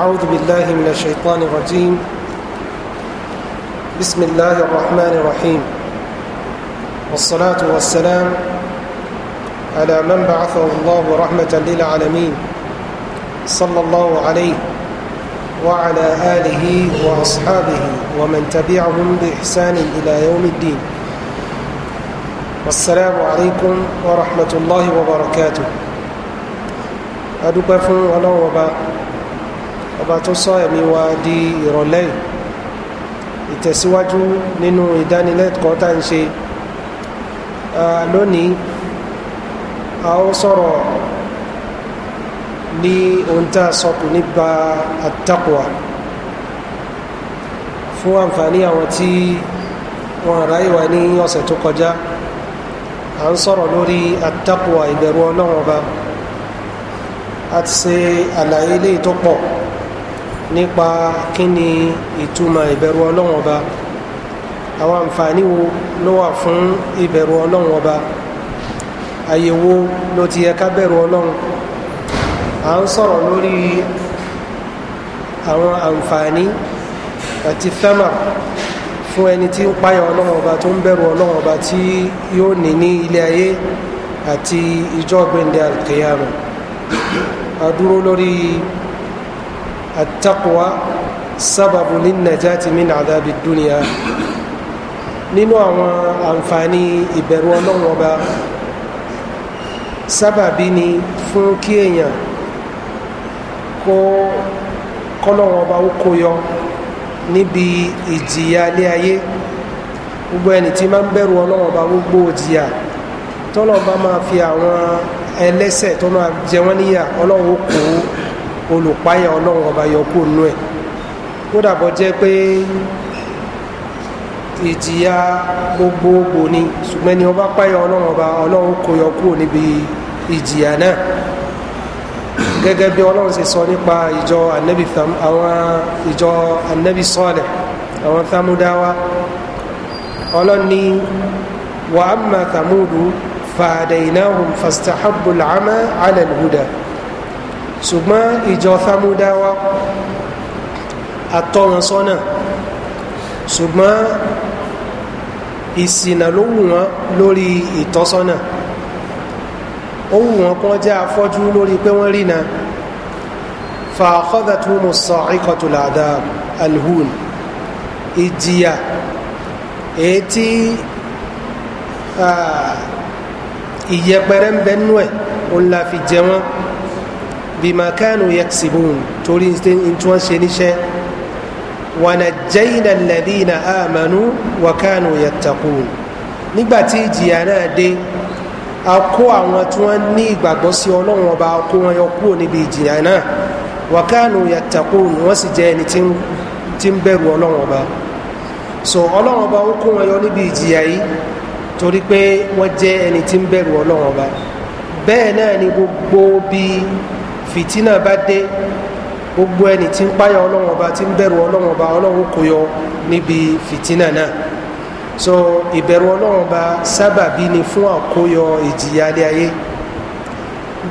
أعوذ بالله من الشيطان الرجيم بسم الله الرحمن الرحيم والصلاة والسلام على من بعثه الله رحمة للعالمين صلى الله عليه وعلى آله وأصحابه ومن تبعهم بإحسان إلى يوم الدين والسلام عليكم ورحمة الله وبركاته أدوك فون ولو وبركاته ọba tó sọ ẹ̀mí wa di ìrọ̀lẹ́ ìtẹ̀síwájú nínú ìdánilẹ́kọ̀ọ́ tá à ń ṣe lónìí a ó sọ̀rọ̀ ní ohun tá a sọkù nípa àtàkùwà fún àǹfààní àwọn tí wọn ráyè wá ní ọ̀sẹ̀ tó kọjá à ń sọ̀rọ̀ lórí àtàkùwà ìbẹ̀rù ọlọ́run ọba ṣe àlàyé léyìí tó pọ̀ nípa kí ni ìtumọ̀ ìbẹ̀rù ọlọ́run ọba àwọn àǹfààní wo ló wà fún ìbẹ̀rù ọlọ́run ọba àyèwò ló ti yẹ ká bẹ̀rù ọlọ́run à ń sọ̀rọ̀ lórí àwọn àǹfààní àti fẹ́mà fún ẹni tí ń páyà ọlọ́run ọba tó ń bẹ̀rù ọlọ́run ọba tí yóò ní ní ilé ayé àti ìjọ́ gbẹ̀ndẹ̀ àkèyàmù àdúró lórí. àtàkùwá sababu ní nàìjíríà ti mí nàdábì dúnìá n'inu àwọn àǹfààní iberu ọlọ́run ni fun ki eyan ko kọ́lọ́run ọba ó kó yọ níbi ìjìyà ilé ayé gbogbo ẹni tí máa ń bẹ̀rù ọlọ́run ọba gbogbo fi àwọn jẹ olùpáyà ọlọ́run ọba yọkú nú ẹ̀ kódà bọ́ jẹ́ pé ìjìyà gbogbogbò ni ṣùgbọ́n ni ọba páyà ọlọ́run ọba ọlọ́run kò yọkú níbi ìjìyà náà gẹ́gẹ́ bí ọlọ́run ṣe sọ nípa ìjọ anabi tham àwọn ìjọ anabi sọ́ọ̀lẹ̀ àwọn thamudawa ọlọ́run ní wàhámà thamudu fàdé ináhùn fastahabul alẹ́ huda ṣùgbọ́n ìjọ famudawa atọ́ wọn sọ́nà ṣùgbọ́n ìsìnà ló wù wọn lórí ìtọ́sọ́nà ó wù wọn kí wọ́n jẹ́ afọ́jú lórí pé wọ́n rí na fa akọ́dàtú musa ikọ̀tùlàdà alhun ìjìyà èyí tí ah, ìyẹpẹrẹ ń bẹ ẹ̀ ó la fi jẹ wọ́n bima kanu yaksibun torí tí wọ́n ṣe níṣẹ́ wana jẹ́yìnà lẹ́dínà àmànú wa kanu yattakun nígbàtí ìjìyà náà dé a kó àwọn tí wọ́n ní ìgbàgbọ́ sí ọlọ́run ọba kó wọn yọ kúrò níbi ìjìyà náà wa kanu yattakun wọ́n sì jẹ́ ẹni tí ń bẹ̀rù ọlọ́run ọba so ọlọ́run ọba ń kó wọn yọ níbi ìjìyà yìí torí pé wọ́n jẹ́ ẹni tí ń bẹ̀rù ọlọ́run ọba bẹ́ẹ̀ náà ni gbogbo bíi fìtínà bá dé gbogbo ẹni tí ń páyà ọlọ́wọ́n ọba tí ń bẹ̀rù ọlọ́wọ́n ọba ọlọ́wọ́n kò yọ níbi fìtínà náà so ìbẹ̀rù ọlọ́wọ́n ọba sábàbí ni fún àkóyọ ìjìyà alẹ́ ayé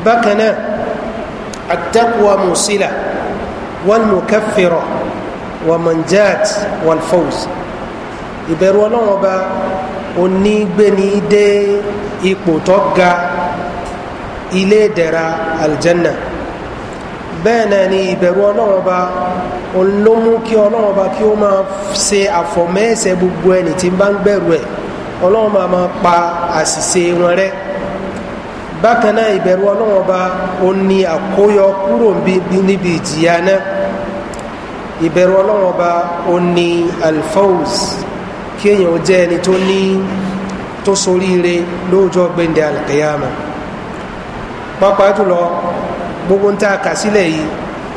bákan náà àtẹ́kùwà mùsílà wọn mú kẹfìrọ̀ wọn mọ̀njáàt wọn fọ́ọ̀sì ìbẹ̀rù ọlọ́wọ́n ọba onígbéni dé ipò tó ga ilé ìdẹ̀ra aljanna bẹ́ẹ̀ náà ni ìbẹ̀rù ọlọ́run ọba òun ló mú kí ọlọ́run ọba kí ó máa ṣe àfọ̀mẹ́ẹ̀sẹ̀ gbogbo ẹni tí ń bá ń bẹ̀rù ẹ̀ ọlọ́run máa pa àṣìṣe wọn rẹ́ bákan náà ìbẹ̀rù ọlọ́run ọba òun àkóyọ kúrò níbi ìjìyà náà ìbẹ̀rù ọlọ́run ọba òun alfaus kí èèyàn jẹ́ ẹni tó ní tó soríire lóòjọ́ gbẹ̀ndẹ̀ alkayama pápá jùlọ gbogbo ń ta kà sílẹ̀ yìí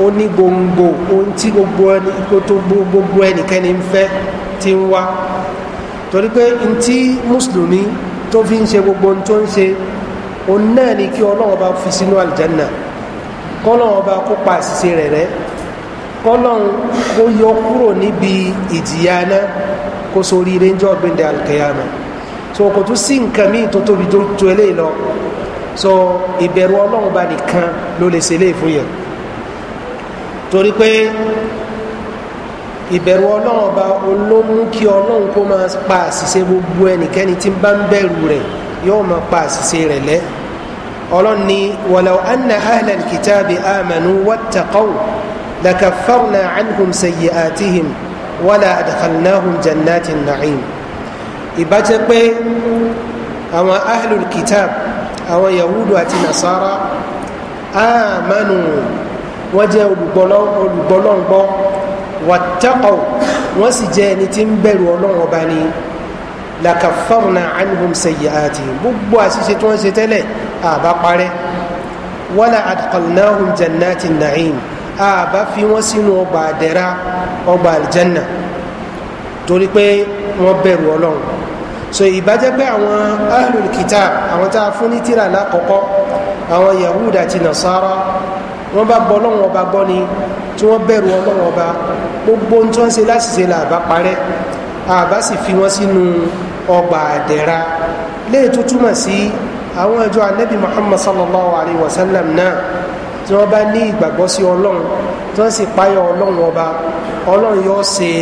ó ní gbòǹgbò ohun tí gbogbo ẹni tó gbogbo ẹnikẹ́ni ń fẹ́ ti ń wá torí pé n tí mùsùlùmí tó fi ń ṣe gbogbo ohun tó ń ṣe òun náà ni kí ọlọ́run bá fi sínú àlìjánà kọ́lọ́run bá kó àṣìṣe rẹ̀ rẹ́ kọ́lọ́run kó yọ kúrò níbi ìjìyà náà kó sórí ilé ń jọ́ gbẹ̀dẹ̀ àlùkẹ́yà náà so kò tún sí nǹkan míì tó tóbi tó eléyìí lọ so ìbẹ̀rù ọlọ́run bá nìkan ló lè ṣe léè fún yẹn torí pé ìbẹ̀rù ọlọ́run bá olómú kí ọlọ́run kó máa pa àṣìṣe gbogbo ẹnikẹ́ni tí ń bá ń bẹ̀rù rẹ̀ yóò máa pa àṣìṣe rẹ̀ lẹ́ ọlọ́run ni wàlẹ́ anna ahlẹ̀ kìtàbí amẹnu wàtàkọ́wò lakaffarna anhum sayi atihim wàlẹ́ àdàkàlnáhùn jannatin na'im ìbá jẹ́ pé àwọn ahlul kìtàbí àwọn yahudu àti nasara amanu wọ́n jẹ́ olùgbọ́lọ́ngbọ́ wàtẹ́kọ̀ wọ́n sì jẹ́ ẹni tí ń bẹ̀rù ọlọ́run ọba ni lakafarna anhum sayyati gbogbo àṣìṣe tí wọ́n ṣe tẹ́lẹ̀ àbá parẹ́ wala adqalnahum jannati na'im àbá fi wọ́n sínú ọgbà àdẹ́ra ọgbà aljanna torí pé wọ́n bẹ̀rù ọlọ́run so ìbájẹ́ pé àwọn ahlul kitab àwọn tá a fún ní tíra lákọ̀ọ́kọ́ àwọn yahuda àti nasara wọ́n bá bọ́ ọlọ́run ọba gbọ́ ni tí wọ́n bẹ̀rù ọlọ́run ọba gbogbo ohun tí wọ́n ṣe láti ṣe làbá parẹ́ àbá sì fi wọ́n sínú ọgbà àdẹ̀ra léè tó túmọ̀ sí àwọn ẹjọ́ anabi muhammad sallallahu alayhi wa sallam náà tí wọ́n bá ní ìgbàgbọ́ sí ọlọ́run tí wọ́n sì páyọ̀ ọlọ́run ọba ọlọ́run yóò ṣe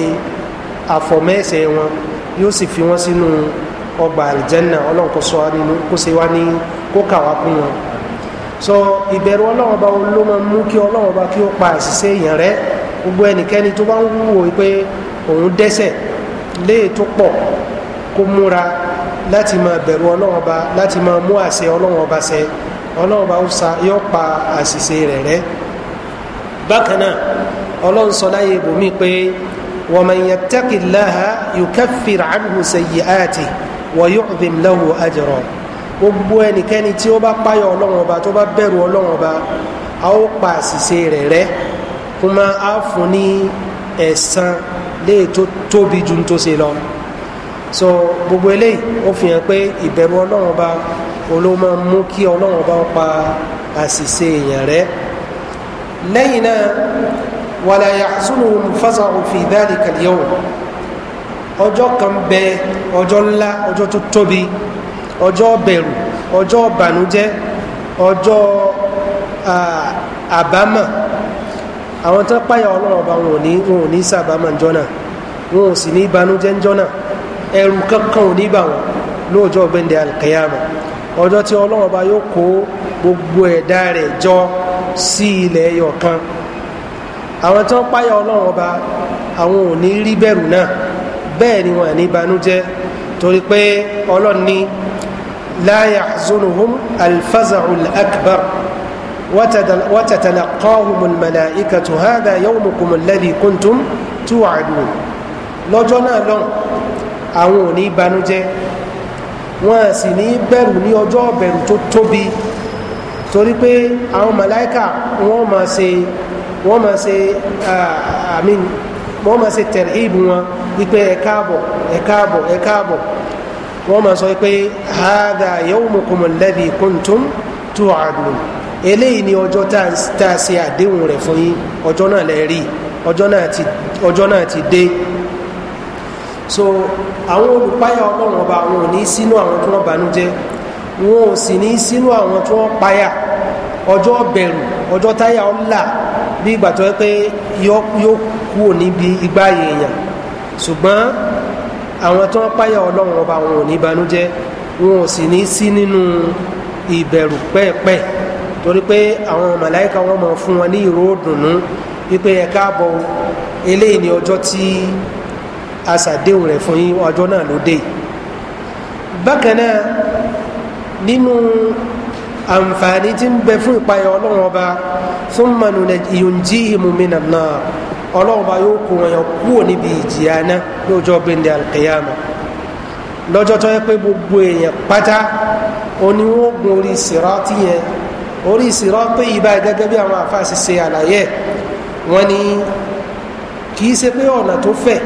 àfọ̀mẹ́sẹ̀ wọn yóò sì fi wọ́n sínú ọgbà àlìjẹ́nà ọlọ́run kó sọ wá nínú kó ṣe wá ní kó kà wá kún wọn so ìbẹ̀rù ọlọ́run ọba ló máa mú kí ọlọ́run ọba kí ó pa àṣìṣe èèyàn rẹ gbogbo ẹnikẹ́ni tó bá ń wúwo pé òun dẹ́sẹ̀ léè tó pọ̀ kó múra láti máa bẹ̀rù ọlọ́run ọba láti máa mú àṣẹ ọlọ́run ọba ṣẹ ọlọ́run ọba yóò pa àṣìṣe rẹ̀ rẹ́ bákan náà ọlọ́run sọ láyé ibòmí pé ومن يتق الله يكفر عنه سيئاته ويعظم له أجرا gbogbo ẹnikẹ́ni tí ó bá páyọ̀ ọlọ́run ọba tó bá bẹ̀rù ọlọ́run ọba a ó pa àṣìṣe rẹ̀ rẹ́ kó má a fún ní ẹ̀san léè tó tóbi ju tó ṣe lọ so gbogbo eléyìí ó fi hàn pé ìbẹ̀rù ọlọ́run ọba olóò máa mú kí ọlọ́run ọba pa àṣìṣe èèyàn rẹ́ lẹ́yìn náà ولا يحزنهم الفزع في ذلك اليوم ọjọ́ kan bẹ ọjọ́ ńlá ọjọ́ tó tóbi ọjọ́ bẹ̀rù ọjọ́ bànújẹ́ ọjọ́ àbámọ̀ àwọn tó páyà ọlọ́run ọba wọn ò ní wọn ò ní sàbámọ̀ ńjọ́ náà wọn ò sì ní bànújẹ́ ńjọ́ náà ẹrù kankan ò ní bà wọn lóòjọ́ gbẹ̀ndẹ̀ àlùkẹ́yàmọ̀ ọjọ́ tí ọlọ́run ọba yóò kó gbogbo ẹ̀dá rẹ̀ jọ sí ilẹ̀ ẹyọ àwọn tí wọ́n páyà ọlọ́run ọba àwọn ò ní rí bẹ̀rù náà bẹ́ẹ̀ ni wọ́n ní banújẹ́ torí pé ọlọ́run ní láyà zunuhum alfazahul akbar wàtàtàlàkọ́hùn mọ̀láìkàtù hádà yọ́mùkùn lẹ́bí kúntùm tí wà dùn lọ́jọ́ náà lọ́n àwọn ò ní banújẹ́ wọ́n sì ní bẹ̀rù ní ọjọ́ bẹ̀rù tó tóbi torí pé àwọn mọ̀láìkà wọ́n máa ṣe wọ́n máa ṣe àmín wọ́n máa ṣe tẹ̀lẹ́ẹ̀bù wọn wípé ẹ káàbọ̀ ẹ káàbọ̀ ẹ káàbọ̀ wọ́n máa sọ pé eléyìí ni ọjọ́ tá a ṣe àdéhùn rẹ̀ fún yín ọjọ́ náà rí ti dé so àwọn olùpáyà ọlọ́run ọba ò ní sínú àwọn tí wọ́n wọn ò sì bí ìgbà tó yẹ pé yóò kú níbi igbá èèyàn ṣùgbọ́n àwọn tó ń páyà ọlọ́run ọba wọn ò ní banújẹ́ wọn ò sì ní sí nínú ìbẹ̀rù pẹ́ẹ̀pẹ́ torí pé àwọn màláìka wọn máa fún wọn ní ìró dùnú wípé ẹ káàbọ̀ eléyìí ni ọjọ́ tí a ṣàdéhùn rẹ̀ fún yín ọjọ́ náà ló dé bákan náà nínú àǹfààní tí ń bẹ fún ìpayà ọlọ́run ọba fún manu yunjihimu minan nar ọlọ́run ọba yóò kó wọn yọ kúrò níbi ìjìyà náà lóòjọ́ gbẹ̀ndẹ̀ alqiyama lọ́jọ́ tó yẹ pé gbogbo èèyàn pátá oníwọ̀gùn orí sirati yẹn orí sirati yìí báyìí gẹ́gẹ́ bí àwọn àfáàsì ṣe àlàyé wọn ni kì í ṣe pé ọ̀nà tó fẹ̀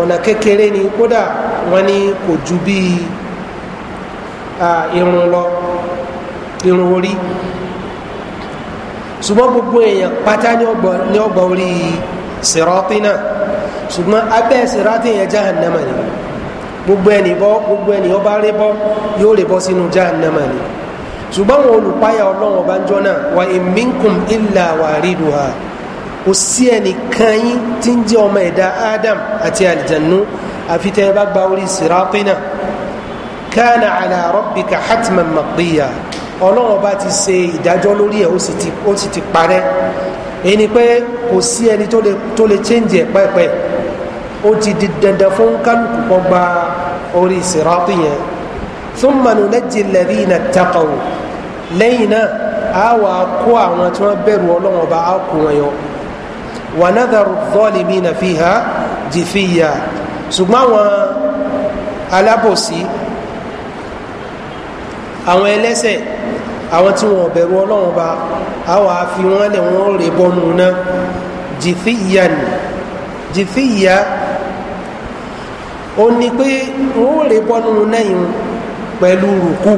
ọ̀nà ni kódà wọn ni kò ju bíi lọ irun orí ṣùgbọ́n gbogbo èèyàn pátá ní ọgbà orí sèrọ́tì náà ṣùgbọ́n abẹ́ sèrọ́tì yẹn jahannama ni gbogbo ẹni bọ́ gbogbo ẹni ọba rẹ bọ́ yóò rẹ bọ́ sínú jahannama ni ṣùgbọ́n àwọn olùpáyà ọlọ́run ọba ń jọ náà wà ìmínkùn ìlà wàrídù ha kò sí ẹnìkan yín tí ń jẹ́ ọmọ ẹ̀dá adam àti àlìjànú àfi tẹ́ ẹ bá gba orí sèrọ́tì náà kánà àlà rọ́bìkà hàtìmọ̀ màkìyà ọlọ́run bá ti ṣe ìdájọ́ lórí ẹ̀ ó sì ti parẹ́ èyí ni pé kò sí ẹni tó lè change ẹ̀ pẹ́pẹ́ ó ti di dandan fún kálukú kọ́ gba orí ìsìnrátù yẹn fún manu lẹ́jì lẹ́rí iná takọ̀wò lẹ́yìn náà a wà kó àwọn tí wọ́n bẹ̀rù ọlọ́run bá a kù wọn yọ wà nádàrú bọ́ọ̀lì mi nà fi hà jìfìyà ṣùgbọ́n àwọn alábòsí àwọn ẹlẹ́sẹ̀ àwọn tí wọn bẹ̀rù ọlọ́run ba àwọn àfi wọn lẹ̀ wọn rè bọ́nu ná jìfìyà ni jìfìyà ó ní pé wọn rè bọ́nu náyìn pẹ̀lú rùkù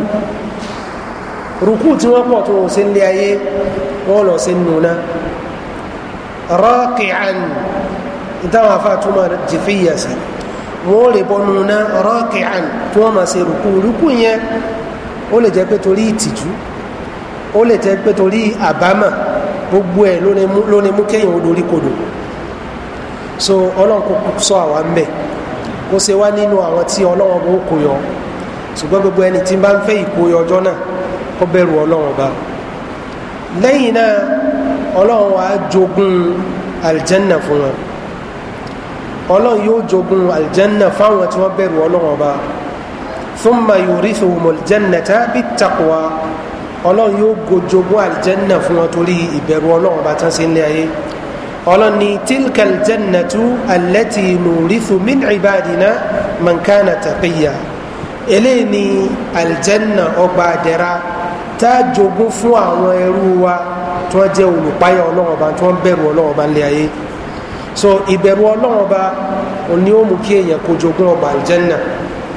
rùkù tí wọ́n pọ̀ tó wọn ṣe ń lé ayé wọn lọ ṣe ń nu ná rọ́ọ̀kìán ìtàwọn afáàtúmọ̀ jìfìyà sí wọn rè bọ́nu ná rọ́ọ̀kìán tí wọ́n máa ṣe rùkù rùkù yẹn ó lè jẹ́ pé torí ìtìjú ó lè tẹ́ pé torí àbámọ̀ gbogbo ẹ̀ ló ní mú kéèyàn ó dorí so ọlọ́run kò sọ àwa ń bẹ̀ kó ṣe wá nínú àwọn tí ọlọ́run bó kó yọ ṣùgbọ́n gbogbo ẹni tí bá ń fẹ́ ìkóyọ ọjọ́ náà kó bẹ̀rù ọlọ́run bá lẹ́yìn náà ọlọ́run wa jogun aljanna fún wọn ọlọ́run yóò jogun aljanna fáwọn tí wọ́n bẹ̀rù ọlọ́run bá thumma yurithuhum aljannata bitakuwa ọlọ́run yóò gojogún àlìjẹ́nà fún wọn torí ìbẹ̀rù ọlọ́run bá tán sí ní ayé ọlọ́run ní tilka àlìjẹ́nà tú alẹ́tì nùrìfù min ìbàdìnà mankana taqiya eléyìí ní àlìjẹ́nà ọgbà àdẹ́ra tá a jogún fún àwọn ẹrú wa tí wọ́n jẹ́ olùpáyà ọlọ́run bá tí wọ́n bẹ̀rù ọlọ́run bá ní ayé so ìbẹ̀rù ọlọ́run bá òní ó mú kí èèyàn kojogún ọgbà àlìjẹ́nà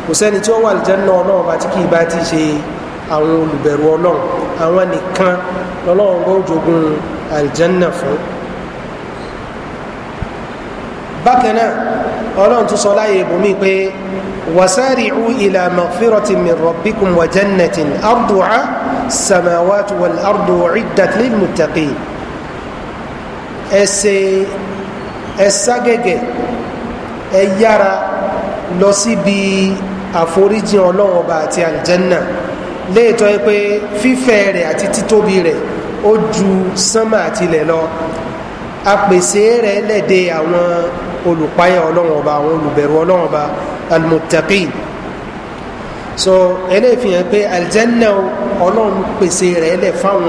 kò sẹ́ni tí ó wà àlìjẹ́nà ọlọ́run bá tí kì í bá ti ṣe é àwọn olùbẹ̀rù ọlọ́run àwọn nìkan lọ́lọ́run bó jogun aljanna fún. bákan náà ọlọ́run tún sọ láàyè ibùmí pé wasaaricu ilà maqfirati min rabbikum wa jannatin arduca samawat wal ardu ciddat lil mutaqin ẹsẹ ẹságẹgẹ ẹ lọ síbi àforíjì ọlọ́run ọba àti aljanna léètọ́ yẹ pé fífẹ́ rẹ̀ àti títóbi rẹ̀ ó ju sánmà àti ilẹ̀ lọ apèsè rẹ̀ lẹ́dẹ̀ àwọn olùpayà ọlọ́run ọba àwọn olùbẹ̀rù ọlọ́run ọba almutaki so eléyìí fi pé aljanna ọlọ́run pèsè rẹ̀ lẹ̀ fáwọn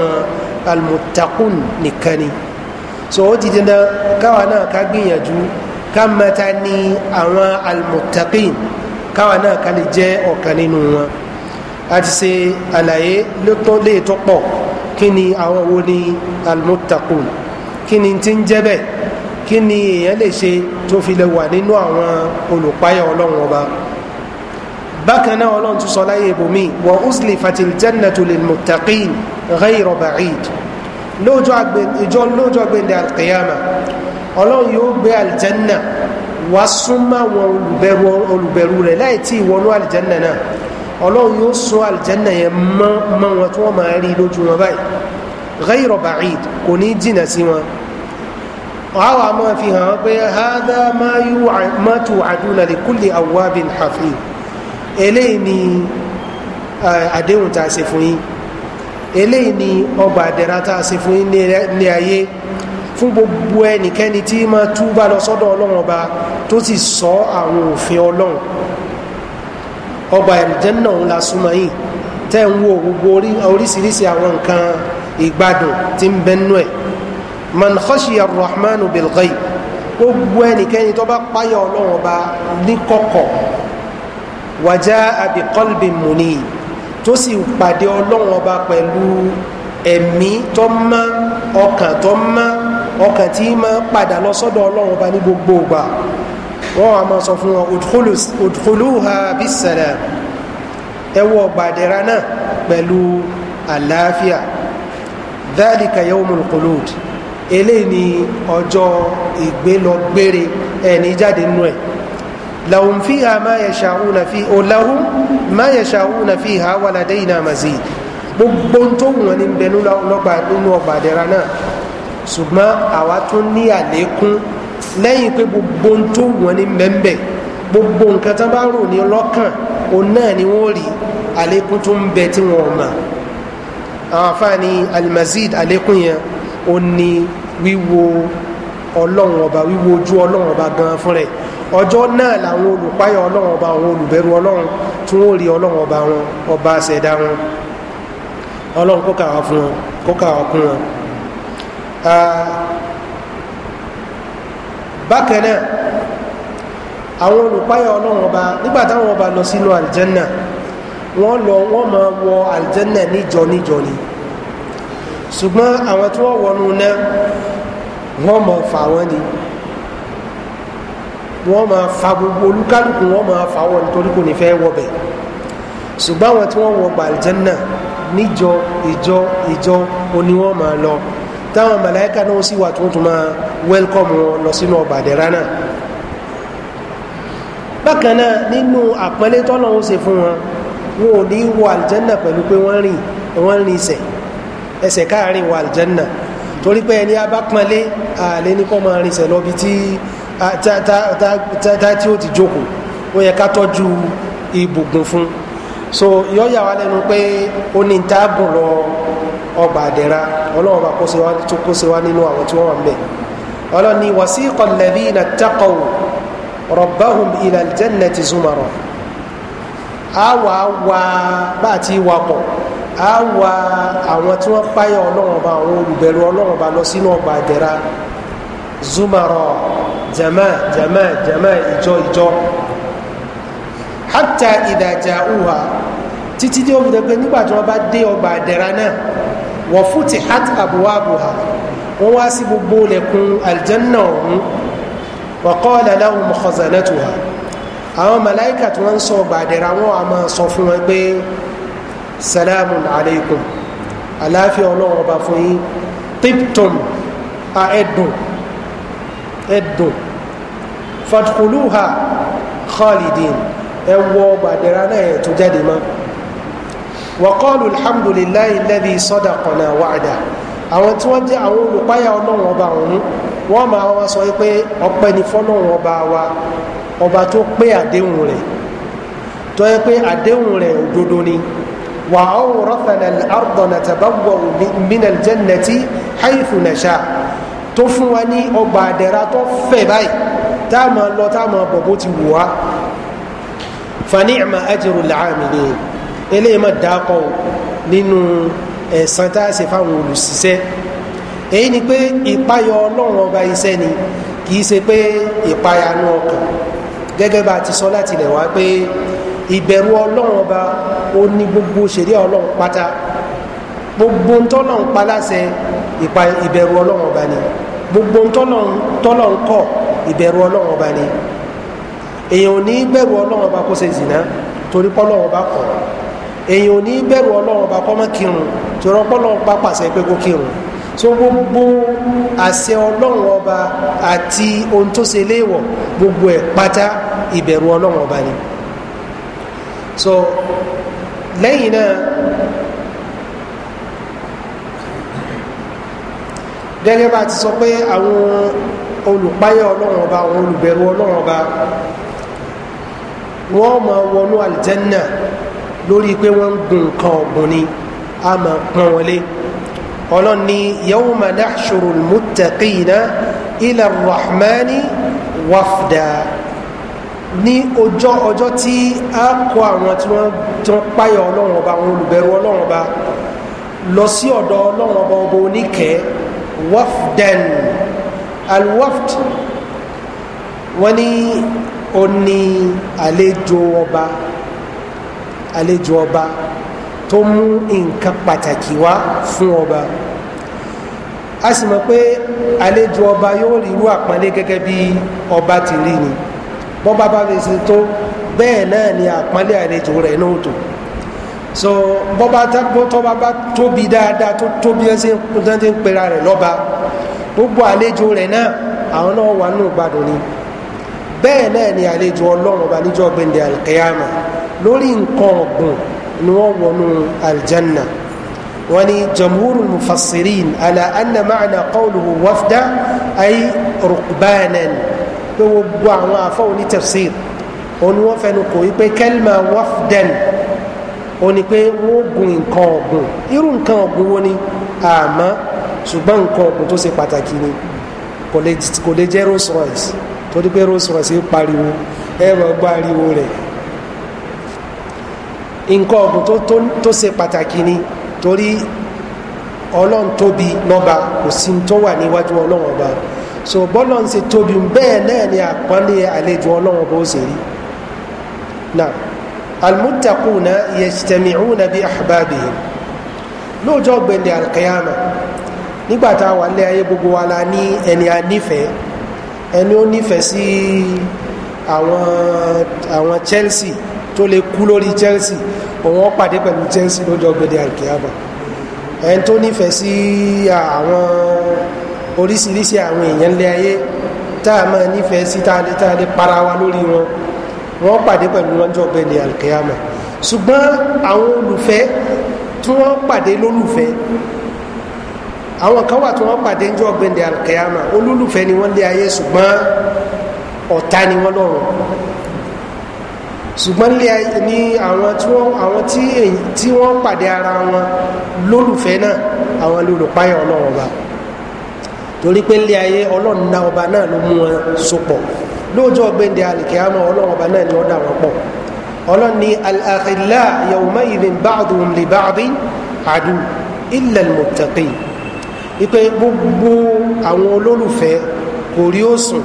almutakun nìkan ni so ó di dandan káwa náà ká gbìyànjú ká mẹta ní àwọn almutaki káwa náà ká lè jẹ́ ọ̀kan nínú wọn àti ṣe àlàyé lè tó pọ̀ kí ni àwọn wo ni almutakun kí ni ti ń jẹ́ bẹ́ẹ̀ kí ni èèyàn lè ṣe tó fi lè wà nínú àwọn olùpáyà ọlọ́run ọba bákan náà ọlọ́run tún sọ láyé ibòmí wọ́n usli fatil jannatu lil mutaqin ghayro ba'id lóòjọ́ ìjọ lóòjọ́ gbẹ̀ndẹ̀ alqiyama ọlọ́run yóò gbé aljanna wá súnmọ́ àwọn olùbẹ̀rù rẹ̀ láì tí ìwọnú aljanna náà ọlọ́run yóò sọ àlìjẹ́nà yẹn mọ́ mọ́ wọn tí wọ́n máa rí lójú wọn báyìí ghayro ba'id kò ní jìnà sí wọn àwọn àmọ́ fi hàn pé hádá má tù àdúnà lè kúlè àwábin hafi eléyìí ni àdéhùn tá a ṣe fún yín eléyìí ni ọgbà àdẹ̀rà tá a ṣe fún yín ní ayé fún gbogbo ẹnikẹ́ni tí máa túbà lọ sọ́dọ̀ ọlọ́run ọba tó sì sọ àwọn òfin ọlọ́run ọgbà àlìjẹ́nà ńlá súnmọ́ yìí tẹ́ ń wo gbogbo oríṣiríṣi àwọn nǹkan ìgbádùn tí ń bẹ́nu ẹ̀ man khashiya rahman bilghayb gbogbo ẹnikẹ́ni tó bá páyà ọlọ́run ọba ní kọ̀kọ̀ wàjá àbí qalbin munib tó sì pàdé ọlọ́run ọba pẹ̀lú ẹ̀mí tó mọ́ ọkàn tó mọ́ ọkàn tí máa padà lọ sọ́dọ̀ ọlọ́run ọba ní gbogbo ìgbà wọ́n wà máa sọ fún wọn òdùkúlùhà bísàlẹ̀ ẹ wọ gbàdẹ̀ra náà pẹ̀lú àlàáfíà dhalika yawmul qulud eléyìí ni ọjọ́ ìgbélọgbére ẹni jáde nínú ẹ̀ lahum fiha ma yasha'una fi o lahum ma yasha'una fiha wa ladayna mazid gbogbo tó wọn ní bẹnu nínú ọgbà náà ṣùgbọ́n àwa tún ní àlékún lẹ́yìn pé gbogbo ń tó wọ́n ní mẹ́ńbẹ̀ gbogbo nǹkan tán bá rò ní lọ́kàn òun náà ni wọ́n rí àlékún tó ń bẹ tí wọ́n mọ̀ àwọn afáàní almazid àlékún yẹn ó ní wíwo ọlọ́run ọba wíwo ojú ọlọ́run ọba gan fún rẹ̀ ọjọ́ náà làwọn olùpáyọ̀ ọlọ́run ọba àwọn olùbẹ̀rù ọlọ́run tí wọ́n rí ọlọ́run ọba wọn ọba ṣẹ̀dá wọn ọlọ́run kó kàwá fún wọn kó kàwá kún wọn. Ah, bákan náà àwọn olùpáyà ọlọ́run ọba nígbà táwọn ọba lọ sínú àlìjẹ́nà wọ́n lọ wọ́n máa wọ àlìjẹ́nà níjọ níjọ ni ṣùgbọ́n àwọn tí wọ́n wọnú náà wọ́n máa fà wọ́n ni wọ́n máa fa gbogbo olúkálùkù wọ́n máa fà wọ́n nítorí kò ní fẹ́ wọbẹ̀ ṣùgbọ́n àwọn tí wọ́n wọ gbà àlìjẹ́nà níjọ ìjọ ìjọ oní wọ́n lọ táwọn màláìka náà sì wà tó tún welcome wẹ́lkọ́mù wọn lọ sínú ọgbà àdẹ́rà náà bákan náà nínú àpọ́nlé tọ́lọ́hún ṣe fún wọn wọn ò ní wọ àlìjẹ́nà pẹ̀lú pé wọ́n rìn wọ́n rìn ìsẹ̀ ẹsẹ̀ káàrin wọ àlìjẹ́nà torí pé ẹni abápọ́nlé àlẹ́ ní kọ́ máa rìn ìsẹ̀ lọ́bi tí tí ó ti jókòó ó yẹ ká tọ́jú ibùgbùn fún so yọ́yà wa lẹ́nu pé ó ní ta gùn lọ ọgbà àdẹ̀ra ọlọ́run bá kó sí wa nínú àwọn tí wọ́n wà ń bẹ̀ ọlọ́ni wàsí kọ̀lẹ́bí na takọ̀wò rọ̀báhùn ilẹ̀ jẹ́nẹ̀ ti zúmarọ̀ a wà wá bá ti wà pọ̀ a wà àwọn tí wọ́n páyà ọlọ́run bá àwọn olùbẹ̀rù ọlọ́run bá lọ sínú ọgbà àdẹ̀ra zúmarọ̀ jama jama jama ìjọ ìjọ hátà ìdàjà uha títí dé òfin dẹ́gbẹ́ nígbà tí wọ́n bá dé ọgbà àdẹ̀ra náà wọ́n fúti hat àbúwá àbúwá wọ́n wá sí gbogbo lẹ́kùn aljanna ọ̀hún wọ́n kọ́ ọ̀lẹ́lẹ́ ọ̀hún mọ̀kànzánẹ́tù wa àwọn màláìkà tí wọ́n ń sọ gbàdẹ̀rẹ̀ àwọn àmọ́ sọ fún wọn pé salamu alaykum aláfíà ọlọ́run ọba fún yín tiptum a ẹ̀dùn ẹ̀dùn fàtukuluha khalidin ẹ̀wọ̀ gbàdẹ̀rẹ̀ náà ẹ̀ tó jáde mọ́. وقالوا الحمد لله الذي صدقنا wàdà àwọn tí wọ́n jẹ́ àwọn olùpáyà ọlọ́run ọba ọ̀hún wọ́n máa wá sọ pé ọpẹ́ ni fọ́lọ́run ọba wa ọba tó pé àdéhùn rẹ̀ tó yẹ pé àdéhùn rẹ̀ òdodo ni wà á wò rọ́fẹ̀nà àrùdọ̀nà tàbáwọ̀ mìíràn jẹ́nẹ̀tì háìfù nàṣà tó fún wa ní ọgbà àdẹ̀ra tó fẹ̀ báyìí tá máa lọ tá máa bọ̀ bó ti wù wá fani àmà ajẹ́rù làámi nìyẹn eléyìí má dákọ̀ nínú ẹ̀sán tá se, ṣe fáwọn olùṣiṣẹ́ èyí ni pé ìpayọ ọlọ́run ọba iṣẹ́ ni kì í ṣe pé ìpayanú ọkàn gẹ́gẹ́ bá a ti sọ láti lẹ̀ wá pé ìbẹ̀rù ọlọ́run ọba ó ní gbogbo ṣẹ̀rí ọlọ́run pátá gbogbo ntọ́lọ́run paláṣẹ ìbẹ̀rù ọlọ́run ọba ni gbogbo ntọ́lọ́run kọ̀ ìbẹ̀rù ọlọ́run ọba ni èèyàn ò ní bẹ̀rù ọlọ́run ọba kó ṣe zìnà torí pọ́lọ́run ọba kọ̀ èyàn ò ní bẹ̀rù ọlọ́run ọba kọ́ mọ́ kírun torí ọpọlọ ọba pàṣẹ pé kó kírun so gbogbo àṣẹ ọlọ́run ọba àti ohun tó ṣe léèwọ̀ gbogbo ẹ̀ pátá ìbẹ̀rù ọlọ́run ọba ni so lẹ́yìn náà gẹ́gẹ́ bá ti sọ pé àwọn olùpáyà ọlọ́run ọba àwọn olùbẹ̀rù ọlọ́run ọba wọ́n máa wọnú àlìjẹ́nnà lórí pé wọ́n ń gun nǹkan ọ̀gbun ni a máa pọ́n wọn lé ọlọ́run ní yawma nahshuru muttaqina ila rahmani wafda ní ọjọ́ ọjọ́ tí a kọ àwọn tí wọ́n tí ọlọ́run ọba àwọn olùbẹ̀rù ọlọ́run ọba lọ sí ọ̀dọ̀ ọlọ́run ọba ọba oníkẹ́ wafdan alwaft wọ́n ní ó àlejò ọba àlejò ọba tó mú nǹkan pàtàkì wá fún ọba a sì mọ̀ pé àlejò ọba yóò rí irú àpọ́nlé gẹ́gẹ́ bí ọba ti rí ni bọ́ba bá fi ṣe tó bẹ́ẹ̀ náà ni àpọ́nlé àlejò rẹ̀ náà tó so bọ́ba tọ́ba bá tóbi dáadáa tó tóbi ẹ́ ṣe ń pera rẹ̀ lọ́ba gbogbo àlejò rẹ̀ náà àwọn náà wà nù gbàdùn ni bẹ́ẹ̀ náà ni àlejò ọlọ́run ọba níjọ́ gbẹ̀ndẹ̀ àlùkẹ́yàmù lórí nǹkan ọ̀gbìn ni wọ́n wọnú aljanna wọ́n ní jamhuru mufassirin ala anna ma'ana qawluhu wafda ay rukbanan pé gbogbo àwọn afọ oní tafsir òní wọ́n fẹnu kò wípé kẹlma wafdan òní pé wọ́n gun nǹkan ọ̀gbìn irú nǹkan ọ̀gbìn wo ni àmọ́ ṣùgbọ́n nǹkan ọ̀gbìn tó ṣe pàtàkì ni kò lè jẹ́ rolls royce torí pé rolls royce pariwo ẹ̀rọ gbá rẹ̀ nǹkan ọ̀gùn tó ṣe pàtàkì ni torí ọlọ́run tóbi lọ́ba kò sí tó wà níwájú ọlọ́run ọba so bọ́lọ́run ṣe tóbi bẹ́ẹ̀ náà ni àpọ́nlé àlejò ọlọ́run ọba ó ṣe rí náà almutakuna yẹtẹmíhùn bí àbábìhìn lóòjọ́ gbẹ̀ndẹ̀ alkayama nígbà tá a wà lé ayé gbogbo wa la ní ẹni a nífẹ̀ẹ́ ẹni ó nífẹ̀ẹ́ sí àwọn chelsea tó lè kú lórí chelsea òun pàdé pẹ̀lú jẹ́nsì lójọ́ gbẹ̀dẹ̀ àìkíyàbà ẹni tó nífẹ̀ẹ́ sí àwọn oríṣiríṣi àwọn èèyàn lé ayé tá a máa nífẹ̀ẹ́ sí tá a lè tá a lè para wa lórí wọn wọn pàdé pẹ̀lú lọ́jọ́ gbẹ̀dẹ̀ àìkíyàbà ṣùgbọ́n àwọn olùfẹ́ tí wọ́n pàdé lólùfẹ́ àwọn kan wà tí wọ́n pàdé ń jọ gbẹ̀dẹ̀ àìkíyàbà olólùfẹ́ ni wọ́n lé ayé ṣùgbọ́n ọ̀tá ni wọ́n lọ́rùn ṣùgbọ́n ní àwọn tí wọ́n pàdé ara wọn lólùfẹ́ náà àwọn lólùpáyà ọlọ́run ọba torí pé ńlẹ̀ ayé ọlọ́run náà ọba náà ló mú wọn sopọ̀ lóòjọ́ gbẹ̀ndẹ̀ àlìkẹ́ àmọ́ ọlọ́run ọba náà ni wọ́n dà wọ́n pọ̀ ọlọ́run ní al-akhilla yawma idhin ba'duhum li ba'din adu illa al-muttaqin ipe gbogbo àwọn olólùfẹ́ kò rí òsùn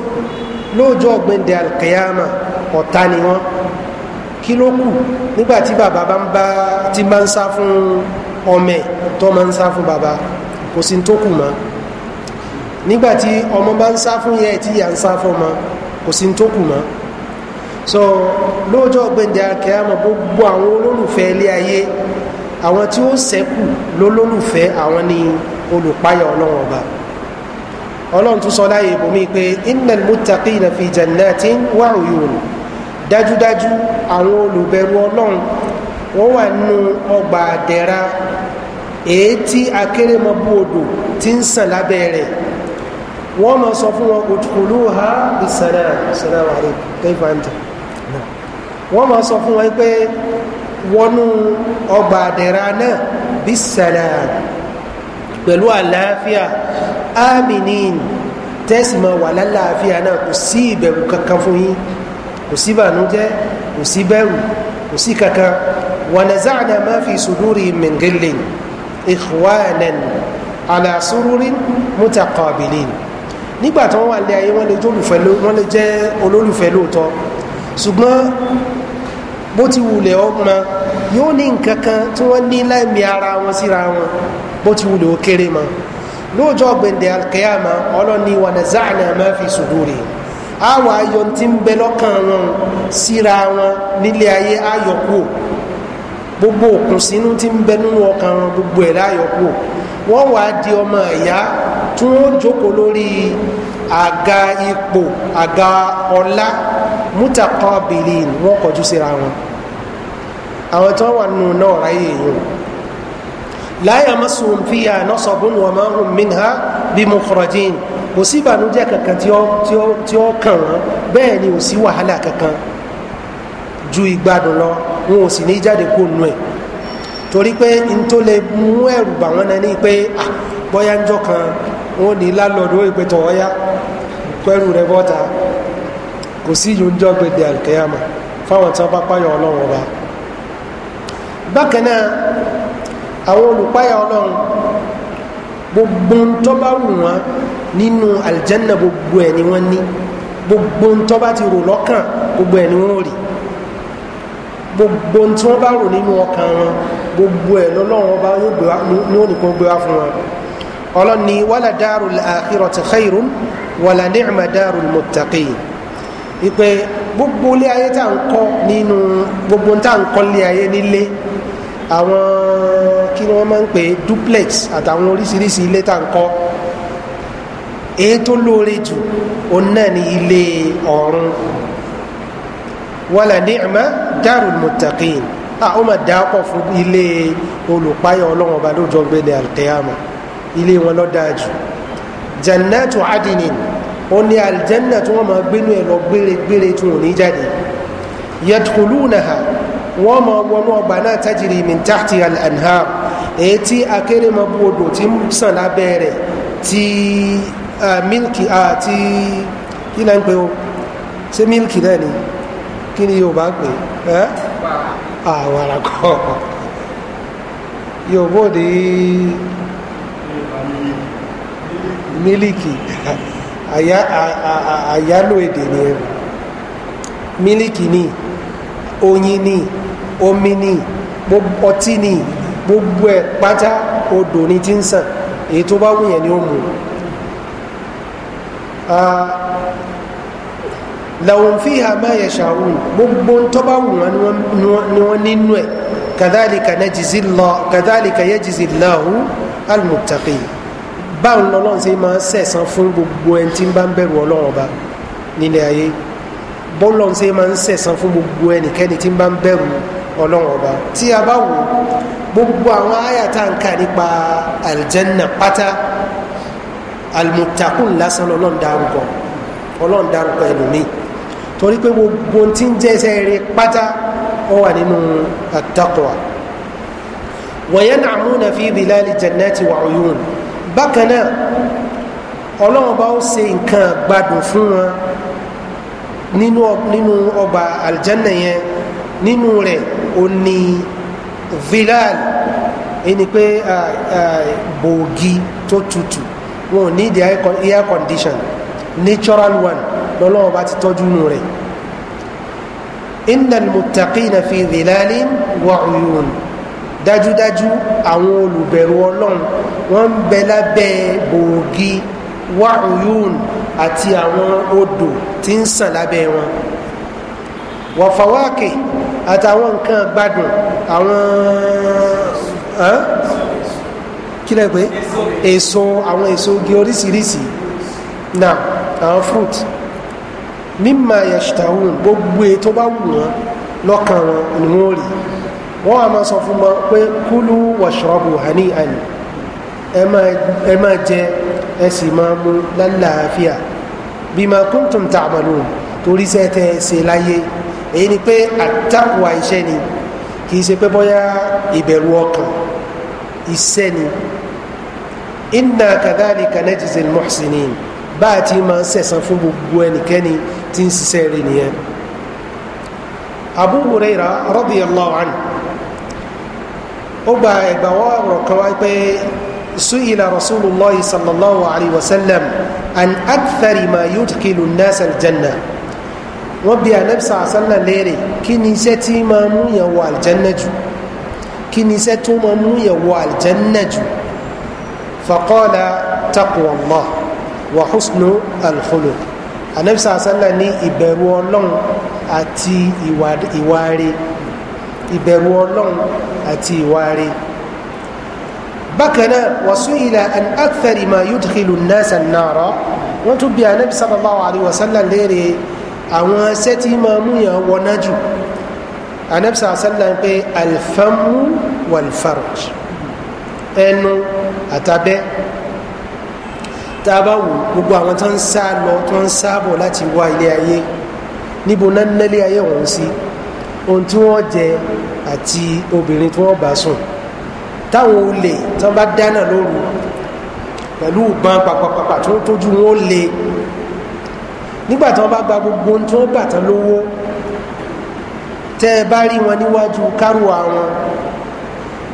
lóòjọ́ gbẹ̀ndẹ̀ àlìkẹ́ ọ̀tá ni wọ́n kí ló kù nígbà tí bàbá bá ń bá tí bá ń sá fún ọmọ ẹ̀ tó máa ń sá fún bàbá kò sí tó kù mọ́ nígbà tí ọmọ bá ń sá fún yẹ tí yà ń sá fún ọmọ kò sí tó kù mọ́ so lóòjọ́ gbẹ̀ndẹ̀ akẹ́yàmọ̀ gbogbo àwọn olólùfẹ́ ilé ayé àwọn tí ó sẹ́kù lólólùfẹ́ àwọn ni olùpáyà ọlọ́run ọba ọlọ́run tún sọ láyé ibòmí pé innal muttaqina fi jannatin wa uyun dájúdájú àwọn olùbẹ̀rù ọlọ́run wọ́n wà nínú ọgbà àdẹ̀ra èyí tí akérèmọ́bù odò ti ń sàn lábẹ́ rẹ̀ wọ́n mọ̀ sọ fún wọn òtùkùlù ha ìsànà ìsànà wà ní kẹfàǹtà wọ́n mọ̀ sọ fún wọn pé wọnú ọgbà àdẹ̀ra náà bí sànà pẹ̀lú àlàáfíà aminin tẹ́sí ma wà lálàáfíà náà kò sí ìbẹ̀rù kankan fún yín kò sí bànújẹ́ kò sí bẹ̀rù kò sí kankan wànàzáàna máa fi sùdúrì mìngìlìn ìhùwànàn àlàsúrúrin mútakọ̀bìlìn nígbà tí wọ́n wà lé ayé wọ́n lè jẹ́ olólùfẹ́ lóòótọ́ ṣùgbọ́n bó ti wulẹ̀ ọgbọ́n yóò ní nǹkan kan tí wọ́n ní láìmí ara wọn síra wọn bó ti wulẹ̀ ó kéré mọ́ lóòjọ́ gbẹ̀ndẹ̀ alkeyama ọlọ́ni wànàzáàna máa fi sùdúrì àwọn ayọ̀ tí ń bẹ lọ́kàn wọn síra wọn nílé ayé ayọ̀kú gbogbo òkun sínú tí ń bẹ nínú ọkàn wọn gbogbo ẹ̀ láyọ̀kú wọ́n wàá di ọmọ ẹ̀yà tí wọ́n jókòó lórí àga ipò àga ọlá mutakabilin wọ́n kọjú síra wọn àwọn tí wọ́n wà nínú náà ráyè yìí láyà masu fiya nasabun wa mahun minha bi mukhrajin kò sí ìbànújẹ́ kankan tí ó tí bẹ́ẹ̀ ni ò sí wàhálà ju ìgbádùn lọ wọn ò sì ní jáde kó nu ẹ̀ torí pé n tó lè mú ẹ̀rù bà wọ́n náà ní pé à kan wọn ò ní lálọ́ọ̀dù ó ìpè tọ̀wọ́ yá pẹ́rù rẹ bọ́ta kò sí yóò ń jọ́ fáwọn ọba bákan náà àwọn olùpáyà ọlọrun. gbogbo ntọ́ba wù wọn nínú aljanna gbogbo ẹ̀ ni wọ́n ní gbogbo ntọ́ba ti rò lọ́kàn gbogbo ẹ̀ ni wọ́n rí gbogbo tí wọ́n rò nínú ọkàn wọn gbogbo ẹ̀ lọ́lọ́run ọba ni ó nìkan gbé wá fún wọn ọlọ́ni wàlà dáàrú àkírọ̀ ti xeyrún wàlà nícmà dáàrú mọ̀tàkì ìpè gbogbo ilé ayé tá ń kọ́ nínú gbogbo tá ń kọ́ ilé ayé nílé àwọn kí wọ́n máa ń pè duplex àtàwọn oríṣiríṣi ilé tá à ń kọ́ èyí tó lóore jù òun náà ni ilé ọ̀run wàlà ni'ma darul muttaqin a ó mà dá pọ̀ fún ilé olùpáyọ̀ ọlọ́wọ́n ọba lójọ́ gbélé alqiyama ilé wọn lọ́ dáa jù jannatu adinin ó ní aljanna tí wọ́n máa gbénu ẹ̀ lọ gbére tí wọ́n ní jáde yadkhulunaha wọ́n máa wọnú ọgbà náà tajiri min tahti èyí tí akérèmọ́bù odò tí ń sàn lábẹ́ rẹ̀ tí mílkì àti kí náà ń pè ó ṣé mílkì náà ni kí ni yorùbá pè é àwàrà kọ́ yorùbá ò ní mílìkì àyálò èdè ni ẹ̀rù mílìkì ni oyin ni omi ni ọtí ni gbogbo ẹ̀ pátá odò ní ti ń sàn èyí tó bá wùyàn ni ó mú lahun fi ha ma yẹ ṣàwùn gbogbo tó bá wù wọn ni wọn nínú ẹ kàdálìkà yẹ jìzì láhùn almùtàkì báwọn lọ́lọ́run ṣe máa sẹ̀sán fún gbogbo ẹni tí ń bá ń bẹ̀rù ọlọ́run ọba nílé ayé bọ́lọ́run ṣe máa ń fún gbogbo ẹnikẹ́ni tí ń bá ń bẹ̀rù ọlọ́run ọlọ́run ọba tí a bá wò gbogbo àwọn àyà tá à ń kà nípa aljanna pátá almutakun lásán ọlọ́run dárúkọ ọlọ́run dárúkọ ẹlòmíì torí pé gbogbo tí ń jẹ́sẹ̀ rẹ pátá ó wà nínú àtàkùwà wọ̀nyẹn nàmúnà fi bilali jannati wà ọ̀yún bákan náà ọlọ́run ó ṣe nǹkan gbádùn fún wọn nínú ọgbà aljanna yẹn nínú rẹ̀ ó ní vilal ẹni pé bòógì tó tutù wọn ò ní the air condition natural one lọ́lọ́wọ́ bá ti tọ́jú nù rẹ̀ innal muttaqina fi dhilalin wa uyun dájúdájú àwọn olùbẹ̀rù ọlọ́run wọ́n ń bẹ lábẹ́ bòógì wa àti àwọn odò tí ń sàn lábẹ́ wọn wa àtàwọn nǹkan gbádùn àwọn kí lẹ́ pé èso àwọn èso gi oríṣiríṣi náà àwọn fruit mímọ yashtahun gbogbo ètò bá wù wọn lọ́kàn wọn ni wọ́n rí wọ́n a máa sọ fún wọn pé kúlú washrabu hàní àní ẹ máa jẹ ẹ sì máa mú lálàáfíà bima kuntum ta'malun torí sẹ́tẹ̀ ṣe láyé èyí ni pé àtàkùwà iṣẹ́ ni kì í ṣe pé bọ́yá ìbẹ̀rù ọkàn iṣẹ́ ni inna kadhali kanajisi muhsinin bá a ti máa ń sẹ̀sán fún gbogbo ẹnikẹ́ni tí ń ṣiṣẹ́ rẹ̀ nìyẹn abu huraira radiyallahu anhu ó gba ẹ̀gbàwọ́ ọ̀rọ̀ kan wá pé سئل رسول الله صلى الله عليه وسلم عن أكثر ما يدخل الناس الجنة wọ́n bi anabisa asanna léèrè kí ni iṣẹ́ tí máa mú yẹn wọ àlìjánná jù kí ni iṣẹ́ tó máa mú yẹn wọ àlìjánná jù faqala taqwallah wa husnu alkhuluq anabisa asanna ní ìbẹ̀rù ọlọ́run àti ìwáre ìbẹ̀rù ọlọ́run àti ìwáre bákan náà wàsú ila an akthari ma yudkhilu an-nasa an-nara wọ́n tún bi anabi sallallahu alayhi wa léèrè àwọn ẹsẹ́ tí máa mú yàn wọná jù anabisa asala pé alifamu walfaraj ẹnu àtàbẹ́ tá a bá wò gbogbo àwọn tó ń sá lọ tó ń sábọ̀ láti wá ilé ayé níbo náà nílé ayé wọn sí ohun tí wọ́n jẹ àti obìnrin tí wọ́n bá sùn táwọn olè tí wọ́n bá dáná lóru pẹ̀lú ìbọn pàpàpàpà tó ń tójú wọn ó nígbà tí wọ́n bá gba gbogbo ohun tí wọ́n gbà tán lówó tẹ́ ẹ bá rí wọn níwájú kárùwà wọn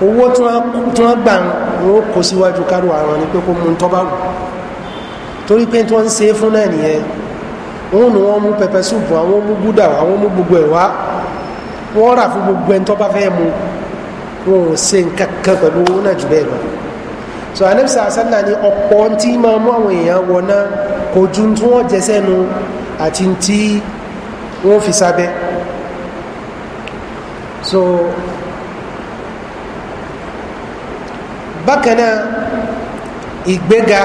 owó tí wọ́n gbà wọn kó síwájú kárùwà wọn ni pé kó mú un tọ́ bá wù torí pé tí wọ́n ń ṣe é fún náà nìyẹn wọn ni wọn mú pẹpẹ súpù àwọn mú gúdà àwọn mú gbogbo ẹ wá wọn rà fún gbogbo ẹni tó bá fẹ́ mu wọn ò ṣe nǹkan pẹ̀lú owó náà jù bẹ́ẹ̀ lọ so anabisa asana ni ọ̀pọ̀ tí máa mú àwọn èèyàn wọ náà kò ju tí wọ́n jẹ sẹ́nu àti tí wọ́n fi sábẹ́ so bákan náà ìgbéga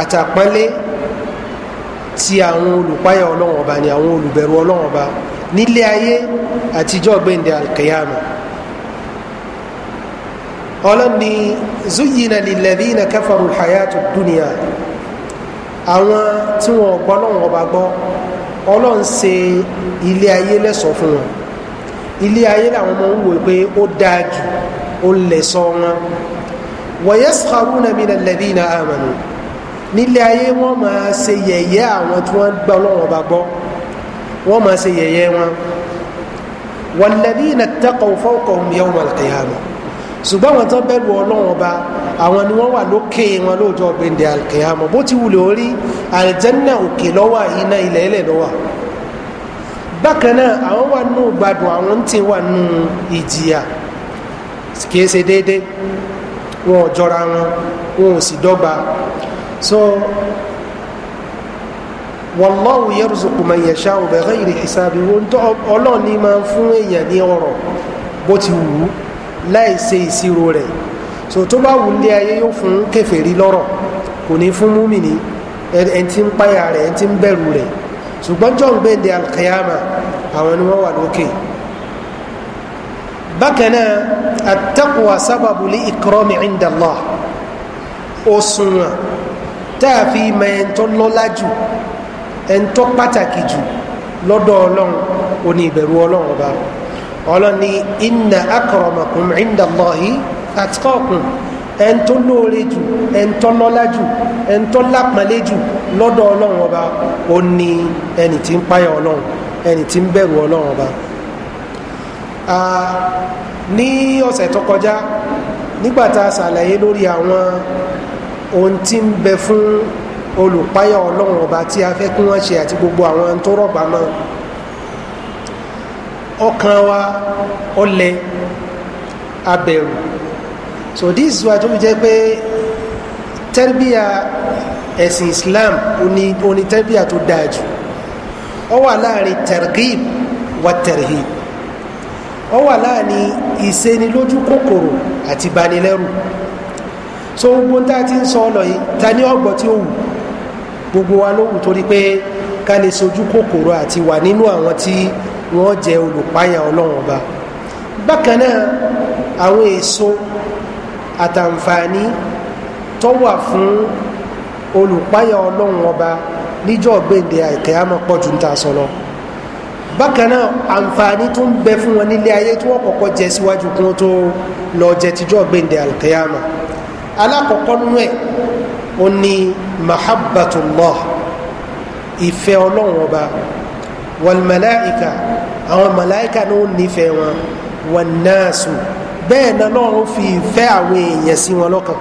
àtàpọ́nlé ti àwọn olùpáyà ọlọ́wọ̀n ọba ni àwọn olùbẹ̀rù ọlọ́wọ̀n ọba nílé ayé àtijọ́ gbẹ̀ndẹ̀ alkiyama ọlọ́ni zuyina lilẹ́dínà káfàrú hayatu dúnìá àwọn tí wọn gbọ́ lọ́wọ́ ọba gbọ́ ọlọ́run ṣe ilé ayé lẹ́sọ̀ọ́ fún wọn ilé ayé làwọn ọmọ ń wò pé ó dáa jù ó lẹ̀sọ̀ wọn wọ̀yẹ́sàrú nàmi nàlẹ́bí nà àmàlù nílé ayé wọ́n máa ṣe yẹ̀yẹ́ àwọn tí wọ́n gbọ́ lọ́wọ́ ọba gbọ́ wọ́n máa ṣe yẹ̀yẹ́ wọn wọ̀lẹ́bí nà tẹ́kọ̀ọ́ fọ́kọ̀ọ́ yẹ́wọ́n màlẹ́kẹ́yàmù ṣùgbọ́n àwọn tó bẹ̀rù ọlọ́run ọba àwọn ni wọ́n wà lókè wọn lóòjọ́ gbẹ̀ndẹ̀ alkiyama bó ti wulẹ̀ orí àlìjẹ́nà òkè lọ́wọ́ iná ilẹ̀ ilẹ̀ lọ́wọ́ bákan náà àwọn wà nù gbádùn àwọn tí wà nù ìjìyà kìí ṣe déédé wọn ò jọra wọn wọn ò sì dọ́gba so wàlláhu yẹrùsùkù máa yẹ ṣáà ọbẹ̀ rẹ̀ ìrìn ìsàbí wọn ọlọ́ọ̀ni máa ń fún èèyàn ní ọ̀rọ̀ bó ti wù ú láì ṣe ìṣirò rẹ̀ so tó bá wù lé ayé yóò fún kẹfẹ́rí lọ́rọ̀ kò ní fún múmìnì ẹni tí ń páyà rẹ̀ ẹni tí ń bẹ̀rù rẹ̀ ṣùgbọ́n john gbẹ̀ndẹ̀ alkayama àwọn ni wọ́n wà lókè bákan náà àtẹ́kùwà sábàbù lé ìkọ́rọ́mì ìndàlá òṣùwọ̀n tá a fi mọ ẹni tó lọ́lá jù ẹni tó pàtàkì jù lọ́dọ̀ ọlọ́run ò ìbẹ̀rù ọlọ́run ọba ọlọ́ni inna akọrọmọkùn ìndà lọ́hí àtikọ́kùn ẹn tó lóore jù ẹn tó lọ́lá jù ẹn tó lápọ̀nlé jù lọ́dọ̀ ọlọ́run ọba ó ní ẹni tí ń páyà ọlọ́run ẹni tí ń bẹ̀rù ọlọ́run ọba. ní ọ̀sẹ̀ tó kọjá nígbà tá a ṣàlàyé lórí àwọn ohun tí ń bẹ fún olùpáyà ọlọ́run ọba tí a fẹ́ kí wọ́n ṣe àti gbogbo àwọn tó rọ̀gbà mọ́ ọkàn wa ọlẹ abẹ̀rù so this is why tó fi jẹ́ pé tẹ́rbíà ẹ̀sìn islam oní tẹ́rbíà tó dáa jù ọ wà láàrin targhib wa tarhib ọ wà láàrin ìsenilójú kòkòrò àti banilẹ́rù so gbogbo tá a ti ń sọ ọlọ yìí ta ní ọgbọ tí ó wù gbogbo wa ló wù torí pé ká lè sojú kòkòrò àti wà nínú àwọn tí wọ́n jẹ́ olùpáyà ọlọ́run ọba bákan náà àwọn èso àtàǹfààní tó wà fún olùpáyà ọlọ́run ọba níjọ́ gbèǹde àìkẹ́yàmọ́ pọ̀ ju ń ta sọ lọ àǹfààní tó ń bẹ fún wọn nílé ayé tí wọ́n jẹ síwájú kí tó lọ jẹ tíjọ́ gbèǹde àìkẹ́yàmọ́ alákọ̀ọ́kọ́ nú ẹ̀ ó ní mahabbatullah ìfẹ́ ọlọ́run ọba wàlmẹ́láìka àwọn màláìka ní ó nífẹ̀ẹ́ wọn wọn náà sùn bẹ́ẹ̀ náà lọ́run fi ìfẹ́ àwọn èèyàn sí wọn lọ́kàn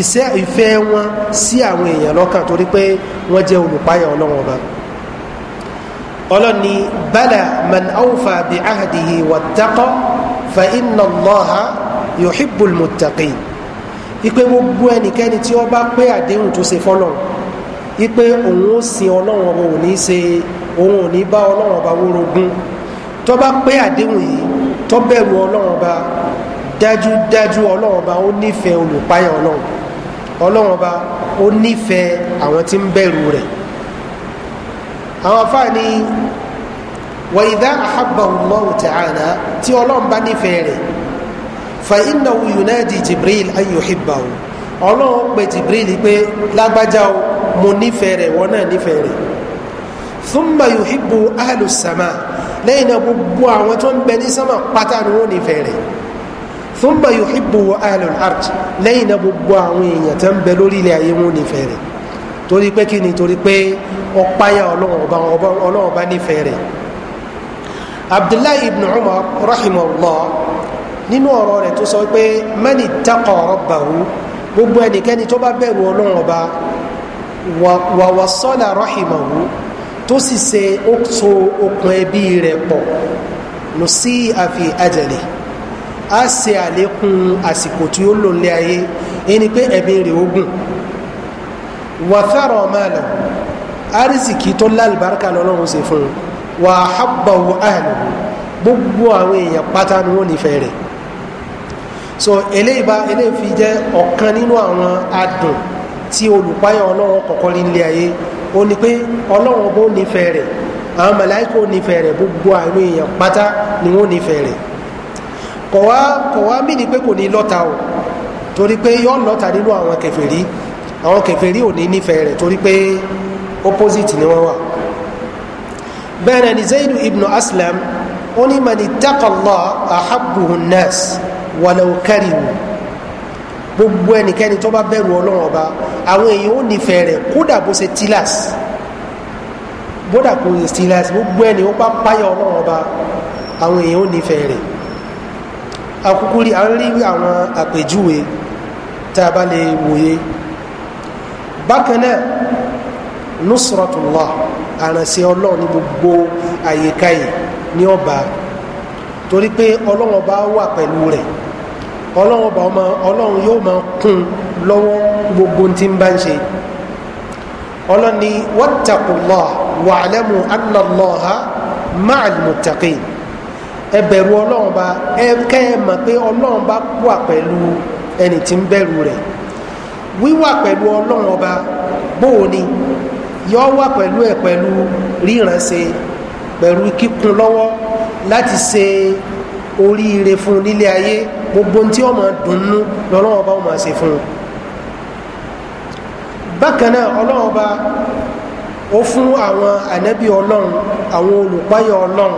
ìṣe ìfẹ́ wọn sí àwọn èèyàn lọ́kàn torí pé wọ́n jẹ́ olùpáyà ọlọ́run ọba ọlọ́ni bala man awfa bi ahadihi wa takọ fa inna allaha yuhibbul muttaqin ipe gbogbo ẹnikẹ́ni tí ó bá pé àdéhùn tó ṣe fọ́lọ́run wípé òun ó sin ọlọ́run ọba ò ní ṣe òun ò ní bá ọlọ́run ọba wórogún tó bá pé àdéhùn yìí tó bẹ̀rù ọlọ́run ọba dájúdájú ọlọ́run ọba ó nífẹ̀ẹ́ olùpáyà ọlọ́run ọlọ́run ọba ó nífẹ̀ẹ́ àwọn tí ń bẹ̀rù rẹ̀ àwọn afáàní wà ìdá àhábàwùmọ́wù tààlà tí ọlọ́run bá nífẹ̀ẹ́ rẹ̀ fa iná wuyùnáàdì jibril ayò hibbawu ọlọ́run pe jibril pé lágbájá o mo nífẹ̀ẹ́ rẹ̀ wọ́n náà nífẹ̀ẹ́ rẹ̀ thumma yuhibbu ahlu sama lẹ́yìn náà gbogbo àwọn tó ń bẹ ní sama pátá ni wọ́n nífẹ̀ẹ́ rẹ̀ thumma yuhibbu ahlu al-ard lẹ́yìn náà gbogbo àwọn èèyàn tó ń bẹ lórí ilẹ̀ ayé wọ́n nífẹ̀ẹ́ rẹ̀ torí pé kí torí pé ọ̀páyà ọlọ́run ọba rẹ̀ abdullahi ibn umar rahimahullah nínú ọ̀rọ̀ rẹ̀ tó sọ pé mani taqa rabbahu gbogbo ẹnikẹ́ni tó bá bẹ̀rù ọlọ́run wàwàsọ́là rọ́hìmọ̀wò tó sì ṣe so okùn ẹbí rẹ̀ pọ̀ lọ sí àfi àjẹlẹ̀ a ṣe àlékún àsìkò tí ó lò lé ayé ẹni pé ẹ̀mí rẹ̀ ogun wàfẹ́rọ̀ máa lọ arísìkì tó lálùbáríkà lọ́lọ́run ṣe fún un wà á àhàlù gbogbo àwọn èèyàn pátá ni wọ́n nífẹ̀ẹ́ rẹ̀ so eléyìí bá eléyìí fi jẹ́ ọ̀kan nínú àwọn adùn tí olùpáyọ̀ ọlọ́run kọ̀kọ́ rí nílé ayé ó ní pé ọlọ́run bó nífẹ̀ẹ́ rẹ̀ àwọn màláìkà ò nífẹ̀ẹ́ rẹ̀ gbogbo àwọn èèyàn pátá ni wọ́n nífẹ̀ẹ́ rẹ̀ kọ̀wá kọ̀wá mí ni pé kò ní lọ́ta o torí pé yọ lọ́ta nínú àwọn kẹfẹ́rí àwọn kẹfẹ́rí ò ní nífẹ̀ẹ́ rẹ̀ torí pé opposite ni wọ́n wà bẹ́ẹ̀ náà ni zayd ibn aslam ó ní mani ahabuhun nas wàlẹ̀ òkàrìwò gbogbo ẹnikẹ́ni tó bá bẹ̀rù ọlọ́run ọba àwọn èèyàn ó nífẹ̀ẹ́ rẹ̀ kódà bó ṣe tilas bódà kò ṣe tilas gbogbo ẹni ó bá páyà ọlọ́run ọba àwọn èèyàn ó nífẹ̀ẹ́ rẹ̀ akúkú rí àwọn rí àwọn àpèjúwe tá a bá lè wòye bákan náà nusratullah àrànṣe ọlọ́run ní gbogbo àyíká yìí ní ọba torí pé ọlọ́run ọba wà pẹ̀lú rẹ̀ ọlọ́run bá ọmọ ọlọ́run yóò máa kún lọ́wọ́ gbogbo tí ń bá ń ṣe ọlọ́ni wọ́tàkùnlọ́ wàhálẹ́mù annalọ́ha máàlùmùtàkì ẹ bẹ̀rù ọlọ́run bá ẹ kẹ́ ẹ mọ̀ pé ọlọ́run bá wà pẹ̀lú ẹni tí ń bẹ̀rù rẹ̀ wíwà pẹ̀lú ọlọ́run ọba bóò ni yọ wà pẹ̀lú ẹ pẹ̀lú pẹ̀lú lọ́wọ́ láti ṣe oríire fún nílé ayé gbogbo tí ó máa dùnnú lọ́lọ́wọ́ bá ó máa ṣe fún un bákan náà ọlọ́wọ́ bá ó fún àwọn ànábì ọlọ́run àwọn olùpáyọ ọlọ́run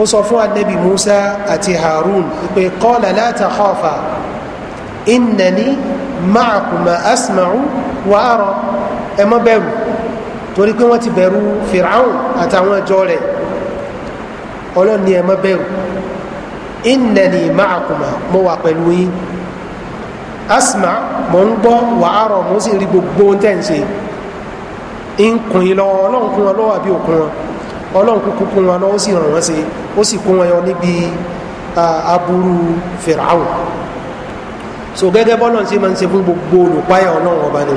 ó sọ fún ànábì musa àti harun pé qala la takhafa innani ma'akuma asma'u wa ara ẹ má bẹ̀rù torí pé wọ́n ti bẹ̀rù fìràhùn àtàwọn ẹjọ́ rẹ̀ ọlọ́run ẹ má bẹ̀rù innani ma'akuma mo wà pẹ̀lú yi asma mo ń gbọ́ wàhárọ̀ mo sì rí gbogbo ohun tẹ̀ ń ṣe ń kun yín lọ́wọ́ ọlọ́run kún wọn lọ́wọ́ àbí òkun wọn ọlọ́run kúkú kún wọn lọ́wọ́ ó sì ràn wọ́n ó sì kún wọn yọ níbi aburú fìràwọ̀ so gẹ́gẹ́ bọ́lọ̀ ṣe máa ń fún gbogbo olùpáyà ọlọ́run ọba ni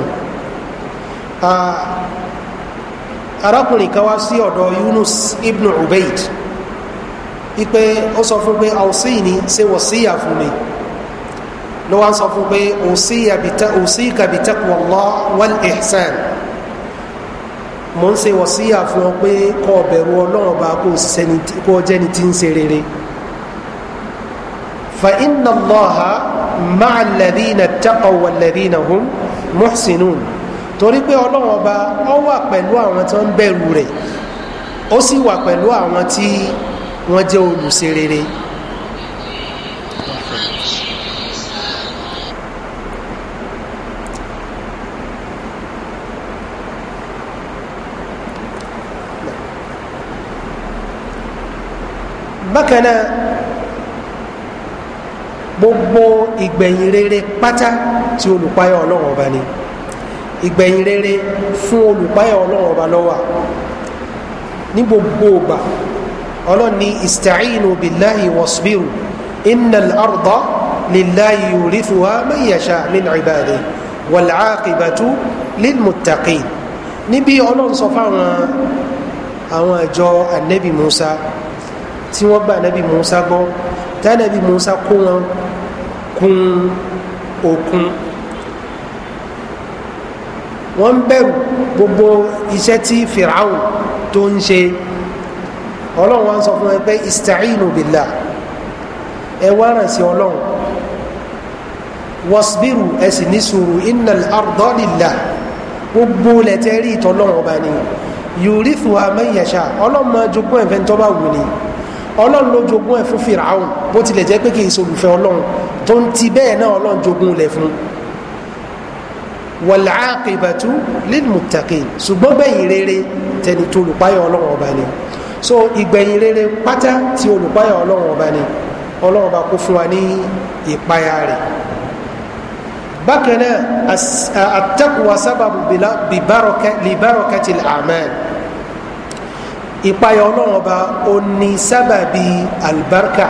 arákùnrin kan wá yunus ibn ubaid ipe ó sọ fún pé àwòsí ni ṣe wò síyà fún mi ló wá ń sọ fún pé òsí kàbítẹ́kù ọ̀lọ́ wọ́n ẹ̀sán mo ń ṣe wò síyà fún ọ pé kọ́ ọ̀bẹ̀rù ọlọ́run bá kó o jẹ́ ni tí ń ṣe rere fa iná lọ́ha máa lẹ́bí na tẹ́kọ̀ wọ lẹ́bí na hùn mọ́sínú torí pé ọlọ́run ọba ọ wà pẹ̀lú àwọn tó ń bẹ̀rù rẹ̀ ó sì wà pẹ̀lú àwọn tí wọ́n jẹ́ olùṣe rere. bákan náà gbogbo ìgbẹ̀yìn rere pátá tí olùpáyọ̀ ọlọ́run ọba ni ìgbẹ̀yìn rere fún olùpáyọ̀ ọlọ́run ọba lọ́wọ́ ní gbogbo ògbà ọlọ́ni ista'inu billahi wasbiru innal arda lillahi yurithuha man yasha min ibadihi wal aqibatu lil muttaqin níbi ọlọ́run sọ fáwọn àwọn àjọ anabi musa tí wọ́n gba anabi musa gbọ́ tí anabi musa kó wọn kun òkun wọ́n bẹ̀rù gbogbo iṣẹ́ tí fìràwọ̀ tó ń ṣe ọlọ́run wa ń sọ fún ẹ pé istaeenu billah ẹ wá ràn sí ọlọ́run wasbiru ẹ sì ní sùúrù innal arda lillah gbogbo lẹ́tẹ̀ rí ìtọ́lọ́run ọba ni yurithu man yasha ọlọ́run máa jogún ẹ̀fẹ́ tó bá wù ni ọlọ́run ló jogún ẹ̀ fún firaun bó tilẹ̀ jẹ́ pé kì í solùfẹ́ ọlọ́run tó ń ti bẹ́ẹ̀ náà ọlọ́run jogún lẹ̀ fún wal aqibatu lil muttaqin ṣùgbọ́n gbẹ̀yìn rere tẹni tó lùpáyọ̀ ọlọ́run ọba ni so ìgbẹ̀yìn rere pátá tí olùpáyà ọlọ́run ọba ni ọlọ́run ọba kó fún wa ní ìpayà rẹ̀ bákan náà àtẹ́kùwà sábàbù bìbárọ̀kẹ́tì amen ìpayà ọlọ́run ọba ó ní sábàbí alibarika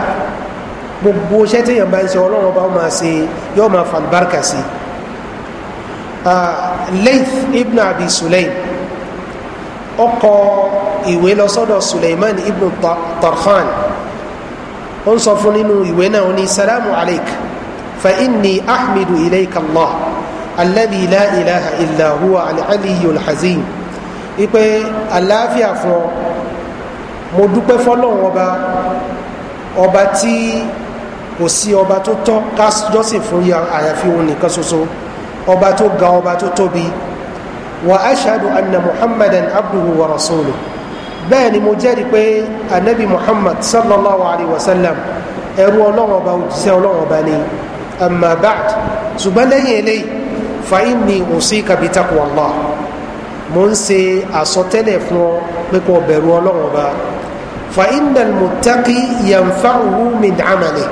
gbogbo iṣẹ́ tí yẹn bá ń ṣe ọlọ́run ọba ó máa ṣe yóò máa fa alibarika sí i ah, leith ibn abi sulaim ọkọ ìwé lọ sọ́dọ̀ suleiman ibn tarhan ó ń sọ fún nínú ìwé náà ó ní salamu alaik fa inni ahmedu ilayka allah alladhi la ilaha illa huwa al-aliyyu al-hazim ipe àlàáfíà fún ọ mo dúpẹ́ fọlọ́run ọba ọba tí kò sí ọba tó tọ́ ká fún àyàfi òun nìkan ṣoṣo ọba tó ga ọba tó tóbi وأشهد أن محمدا عبده ورسوله باني مجاري بي النبي محمد صلى الله عليه وسلم أرو الله وبوجسي الله وباني أما بعد سبحانه إلي فإني أوصيك بتقوى الله منسي أصتني فنو بكو برو الله وبا فإن المتقي ينفعه من عمله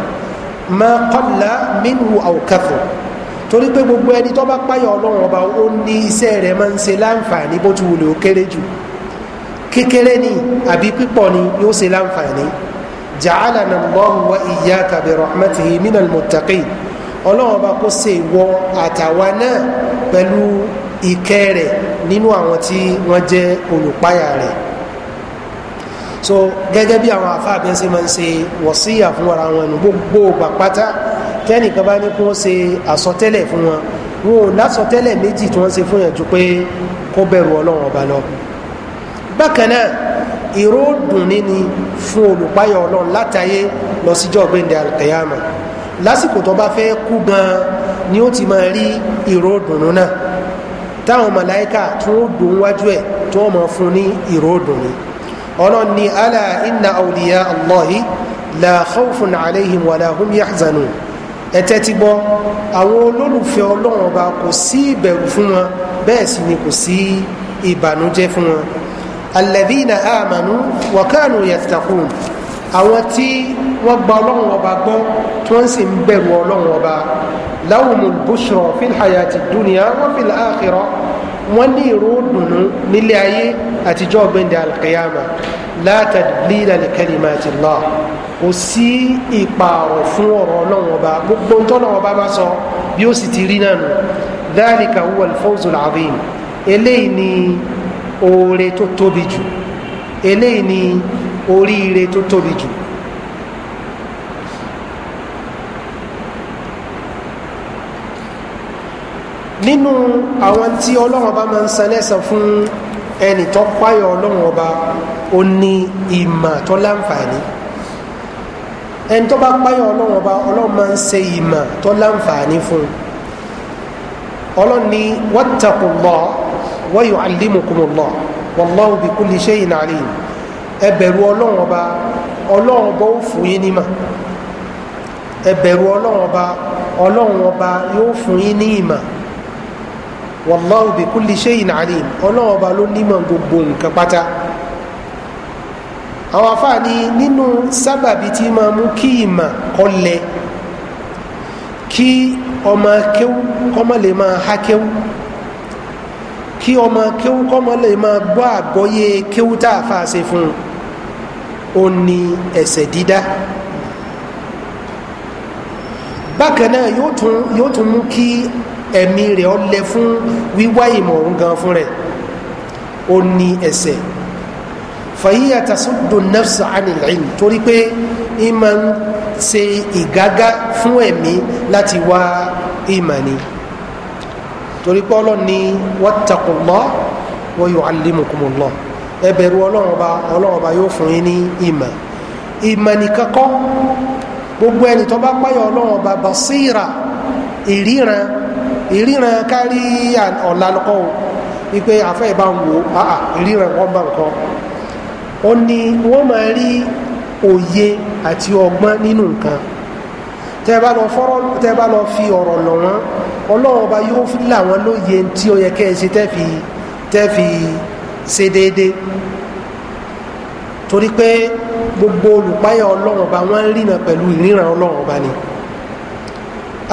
ما قل منه أو كثر torí pé gbogbo ẹni tó bá páyọ̀ ọlọ́run ọba ó ní iṣẹ́ rẹ̀ máa ń ṣe láǹfààní bó ti wùlò kéré jù kékeré ni àbí pípọ̀ ni yóò ṣe láǹfààní jàálà nà lọ́rùn wa ìyá kàbí rahmat himina mutaki ọlọ́run ọba kó ṣe ìwọ àtàwa náà pẹ̀lú ìkẹ́ rẹ̀ nínú àwọn tí wọ́n jẹ́ olùpáyà rẹ̀ so gẹ́gẹ́ bí àwọn afáàbẹ́sẹ̀ máa ń ṣe wọ̀síyà fún ara wọn nù gbogbo gbàpátá tẹ́nìkan bá ní kí wọ́n ṣe àsọtẹ́lẹ̀ fún wọn wọn ò lásọtẹ́lẹ̀ méjì tí wọ́n ṣe fún yẹn ju pé kó bẹ̀rù ọlọ́run ọba lọ. bákan náà ìró dùnní ni fún olùpáyọ̀ ọlọ́run látàyé lọ síjọ́ gbẹ̀ndẹ̀ àkẹyàmà lásìkò tó bá fẹ́ kú gan-an ni ó ti máa rí ìró dùnú náà táwọn màláìka tí wọ́n dùn wájú ẹ̀ tí wọ́n máa fún ní ìró dùnní ọlọ́run ni ala inna awliya allahi la khawfun alayhim wa la hum yahzanun ẹ̀tẹ́ ti gbọ́ àwọn olólùfẹ́ ọlọ́run ọba kò sí ìbẹ̀rù fún wọn bẹ́ẹ̀ sì ni kò sí ìbànújẹ́ fún wọn alladhina amanu wa kanu yattaqun àwọn tí wọ́n gba ọlọ́run ọba gbọ́ tí wọ́n sì ń bẹ̀rù ọlọ́run ọba lahumul bushra fil hayati dunya wa fil akhirah wọ́n ní ìró dùnú nílé ayé àtijọ́ ọ̀gbẹ́ndẹ̀ alkiyama látàdílà lẹ́kẹ́lìmọ̀ àti lọ kò sí ìpààrọ̀ fún ọ̀rọ̀ ọlọ́run ọba gbogbo tọ́lọ́run ọba bá sọ bí ó sì ti rí náà nù dáríkà wọ́n fọ́ọ̀zù làbíyìn eléyìí ni oore tó tóbi jù eléyìí ni oríire tó tóbi jù nínú àwọn tí ọlọ́run ọba máa ń san lẹ́sàn fún ẹnì tó páyọ̀ ọlọ́run ọba ó ní ìmọ̀ tó láǹfààní ẹni tó bá páyọ̀ ọlọ́run ọba ọlọ́run máa ń ṣe ìmọ̀ tó láǹfààní fún ọlọ́run ní wattaqullah wa yu'allimukumullah wallahu bikulli shay'in alim ẹ bẹ̀rù ọlọ́run ọba ọlọ́run ọba ó fún yín nímọ̀ ẹ ọlọ́run ọba ọlọ́run ọba yóò fún yín ní ìmọ̀ wallahu bi kulli shay'in alim ọlọ́run ọba ló nímọ̀ gbogbo nǹkan pátá àwọn afáàní nínú sábàbí tí máa mú kí ìmà kọlẹ̀ kí ọmọ kéwú kọ́mọ lè máa há kéwú kí ọmọ kéwú kọ́mọ lè máa gbọ́ àgbọ́yé kéwú tá a fà ṣe fún un ó ní ẹ̀sẹ̀ dídá bákan náà yóò tún mú kí ẹ̀mí rẹ̀ ọ lẹ fún wíwá ìmọ̀ òun gan fún rẹ̀ ó ní ẹsẹ̀ fàyíyà tasuddu nafsa anil ilm torí pé ń máa ń ṣe ìgágá fún ẹ̀mí láti wá ìmọ̀ ni torí pé ọlọ́run ní wattaqullah wa yu'allimukumullah ẹ bẹ̀rù ọlọ́run ọba ọlọ́run ọba yóò fún yín ní ìmọ̀ ìmọ̀ nìkan kọ́ gbogbo ẹni tó bá páyọ̀ ọlọ́run ọba basira ìríran ìríran kárí ọ̀la lọ́kọ́ o wípé afẹ́ ìbá ń wo àà ìríran wọ́n bá nǹkan ó ní wọ́n máa rí òye àti ọgbọ́n nínú nǹkan tẹ́ bá lọ fi ọ̀rọ̀ lọ̀ wọ́n ọlọ́run ọba yóò fi làwọn lóye tí ó yẹ kẹ́ ẹ ṣe tẹ́ fi ṣe déédéé torí pé gbogbo olùpáyà ọlọ́run ọba wọ́n ń rìnà pẹ̀lú ìríran ọlọ́run ọba ni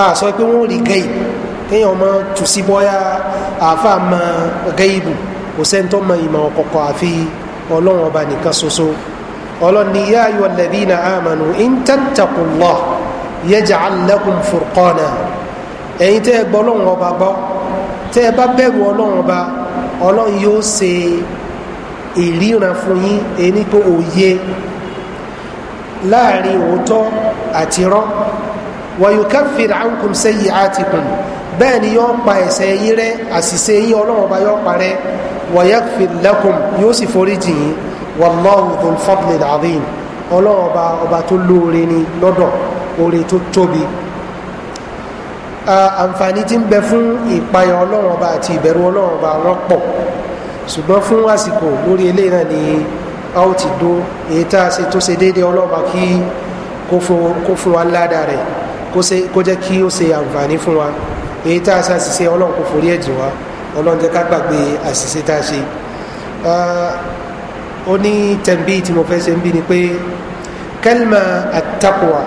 a sọ pé wọ́n rí gẹ́yìí kéèyàn máa tù sí bọ́yá àáfàá mọ gẹ́ìbù kò sẹ́ni tó mọ ìmọ̀ ọ̀kọ̀ọ̀kọ̀ àfi ọlọ́run ọba nìkan ṣoṣo ọlọ́ni yá ayọ̀ lẹ́bí na àmàlù ń tẹ́tẹ̀kùn lọ yẹjà alẹ́kùn furkọ́nà ẹ̀yin tẹ́ ẹ gbọ́ ọlọ́run ọba gbọ́ tẹ́ ẹ bá bẹ̀rù ọlọ́run ọba ọlọ́run yóò ṣe ìríran fún yín ẹni pé òye láàrin òótọ́ àtirọ́ wọ̀nyí káfíìrì àǹkùn sẹ́yìn àtìkùn bẹ́ẹ̀ ni yóò pa ẹ̀ṣẹ̀ yín rẹ́ àṣìṣe yín ọlọ́run ọba yóò parẹ́ wa yaghfir lakum yóò sì forí jì yín wallahu dhul fadlil azim ọlọ́run ọba ọba tó lóore ni lọ́dọ̀ oore tó tóbi àǹfààní tí ń bẹ fún ìpayà ọlọ́run ọba àti ìbẹ̀rù ọlọ́run ọba wọn pọ̀ ṣùgbọ́n fún àsìkò lórí eléyìí náà ni a ó ti dó èyí tá a ṣe tó ṣe déédéé ọlọ́run ọba kí kó fún wa ńlá rẹ̀ kó jẹ́ kí ó ṣe àǹfààní fún wa èyí tá a ṣàṣìṣe ọlọ́run kò forí ẹ̀jẹ̀ wá ọlọ́run jẹ́ ká gbàgbé àṣìṣe tá a ṣe ah, ó ní tẹ̀m̀bí tí mo fẹ́ ṣe ń bí ni pé kẹ́lìmà àtàkùwà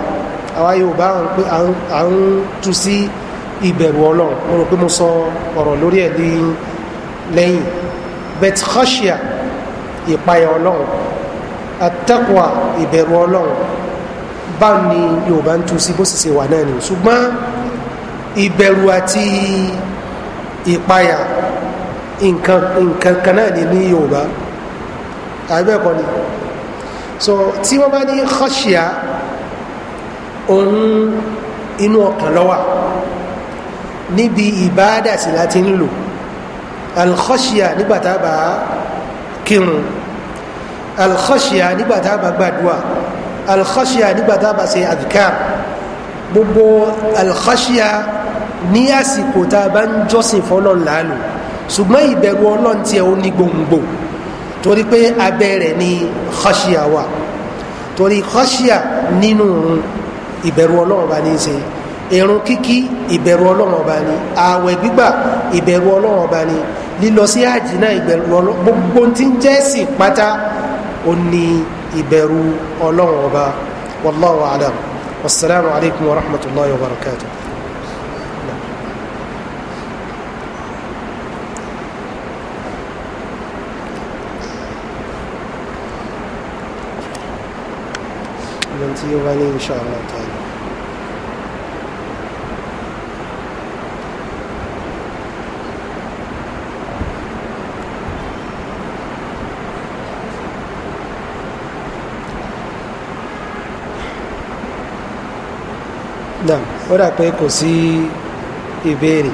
àwa yorùbá à ń tu sí ìbẹ̀rù ọlọ́run mo rò pé mo sọ ọ̀rọ̀ lórí ẹ̀ ní lẹ́yìn bet khashia ìpayà ọlọ́run àtàkùwà ìbẹ̀rù ọlọ́run báwo ni yorùbá ń tu sí bó sì ṣe wà náà ni ṣùgbọ́n ìbẹ̀rù àti ìpayà nǹkan nǹkan kan náà ní ní yorùbá àbẹ́ẹ̀kọ́ ni so tí wọ́n bá ní xọ́ṣìá òun inú ọkàn lọ́wà níbi ìbáàdà sí láti ń lò alxọ́ṣìá nígbàtà bá kírun alxọ́ṣìá nígbàtà bá alxọ́ṣìá nígbàtà ṣe àdìkà gbogbo alxọ́ṣìá ní àsìkò tá a bá ń jọ́sìn fọlọ́n làálù ṣùgbọ́n ìbẹ̀rù ọlọ́run tiẹ̀ ó ní gbòǹgbò torí pé abẹ́ rẹ̀ ni xaṣíà wà torí xaṣíà nínú òun ìbẹ̀rù ọlọ́run ọba ní í ṣe irun kíkí ìbẹ̀rù ọlọ́run ọba ni ààwẹ̀ gbígbà ìbẹ̀rù ọlọ́run ọba ni lílọ sí àjì náà ìbẹ̀rù ọlọ́run gbogbo tí ń jẹ́ sí pátá ó ní ìbẹ̀rù ọlọ́run ọba wàlláhu alaykum wa rahmatulahi wa barakatuh. tí ó شاء ní inshallah ta'ala. náà ó dà pé kò sí ìbéèrè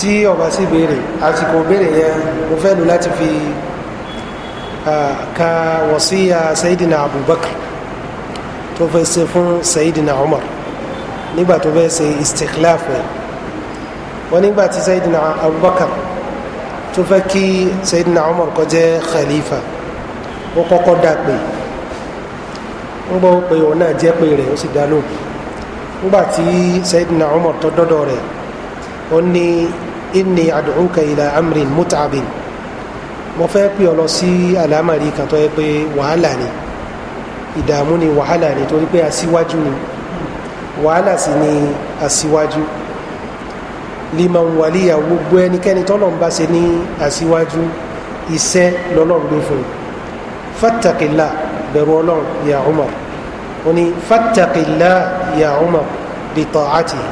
tí ọba sí ìbéèrè àsìkò ìbéèrè yẹn mo fẹ́ lu láti fi ka wọ́síyà sayidina abubakar tó fẹ́ ṣe fún sayidina umar nígbà tó fẹ́ ṣe istikhlaf rẹ̀ wọ́n nígbà tí sayidina abubakar tó fẹ́ kí sayidina umar kó jẹ́ khalifa ó kọ́kọ́ dá pé ń gbọ́ pé òun náà jẹ́ pé rẹ̀ ó sì dá lóhùn nígbà tí sayidina umar tó dọ́dọ̀ rẹ̀ ó ní inni ad'uka ila amrin mut'abin mo fẹ́ pè ọ lọ sí àlámàrí kan tó yẹ pé wàhálà ni ìdààmú ni wàhálà ni torí pé aṣíwájú ni wàhálà sì ni aṣíwájú liman waliya gbogbo ẹnikẹ́ni tọ́lọ̀ ń bá ṣe ní aṣíwájú iṣẹ́ lọ́lọ́run gbé fún un fatakila bẹ̀rù ọlọ́run ya umar ó ní fatakila ya umar bi ta'ati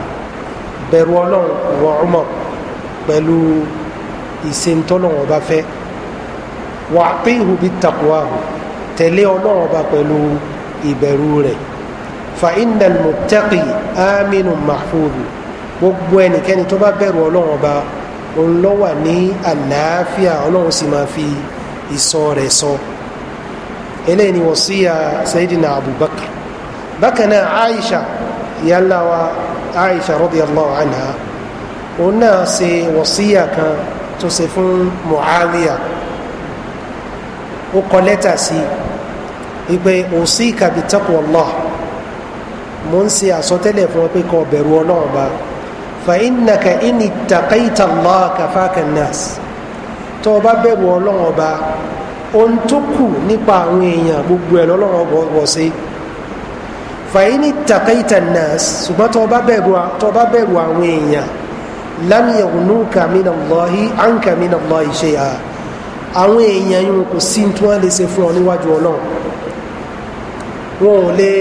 bẹ̀rù ọlọ́run wọ umar pẹ̀lú ìṣe ń tọ́lọ̀ wọn bá pé ihu bi takuwa tẹ̀lé ọlọ́run ọba pẹ̀lú ìbẹ̀rù rẹ̀ fa innal muttaqi aminu mahfudu gbogbo ẹnikẹ́ni tó bá bẹ̀rù ọlọ́run ọba òun ló wà ní àlàáfíà ọlọ́run sì máa fi ìsọ rẹ̀ sọ eléyìí ni wasiya sayidina abubakar bákan náà aisha yálà wa aisha radiyallahu anha òun náà ṣe wasiya kan tó ṣe fún muawiya ó kọ lẹ́tà sí i ìpè òsì kàbí taqwallah mo ń ṣe àsọtẹ́lẹ̀ fún ọ pé kó bẹ̀rù ọlọ́run ba fa innaka in ittaqaita Allah kafaka an-nas tó o bá bẹ̀rù ọlọ́run ọba ohun tó kù nípa àwọn èèyàn gbogbo ẹ̀ lọ́lọ́run ọba ọ̀bọ̀ sí fa in ittaqaita an-nas ṣùgbọ́n tó o bá bẹ̀rù àwọn èèyàn lam yaghnuka min Allahi anka min Allahi shay'a àwọn èèyàn yìí kò sí tí wọ́n lè ṣe fún ọ níwájú ọlọ́run wọn ò lè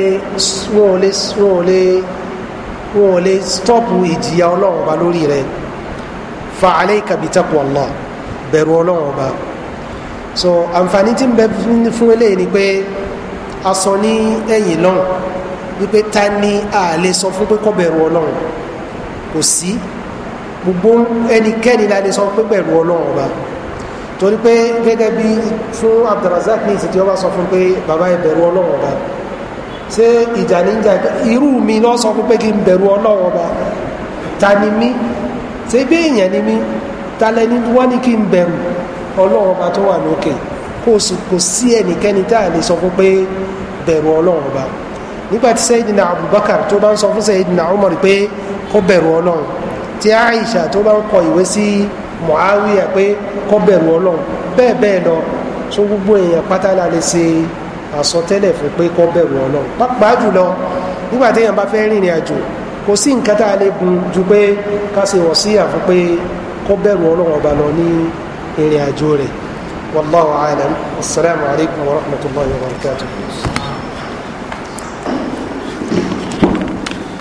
wọn ò lè wọn ò lè wọn ò lè stọ́pù ìjìyà ọlọ́run ọba lórí rẹ fa alayka bi taqwallah bẹ̀rù ọlọ́run ọba so àǹfààní tí ń bẹ fún eléyìí ni pé a sọ ní ẹ̀yìn lọ́hùn wípé ta ni a lè sọ fún pé kó bẹ̀rù ọlọ́run kò sí gbogbo ẹnikẹ́ni la lè sọ pé bẹ̀rù ọlọ́run ọba torí pé gẹ́gẹ́ bí fún abdulrasaq ní ìsìtì ọba sọ fún pé bàbá ìbẹ̀rù ọlọ́run ọba. ṣé ìjà ní irú mi lọ sọ pé kí n bẹ̀rù ọlọ́run ta ni mí ṣé bí èèyàn mí ta ní kí n bẹ̀rù ọlọ́run tó wà lókè kó sí ẹnikẹ́ni tá a lè sọ pé bẹ̀rù ọlọ́run nígbà tí tó bá ń sọ fún umar pé kó bẹ̀rù ọlọ́wọ́ tí aisha tó bá ń kọ ìwé sí pé kó bẹ̀rù àsọtẹ́lẹ̀ fún pé kọ́ bẹ̀rù ọlọ́run pàápàá jùlọ nígbà téèyàn bá fẹ́ rìnrìn àjò kò sí nǹkan tá a lè gun ju pé ká ṣe wọ̀ sí àfún pé kọ́ bẹ̀rù ọlọ́run ọba lọ ní ìrìn àjò rẹ̀ wàlláhu alam asalaamualeykum wa rahmatulahi wa barakatuh.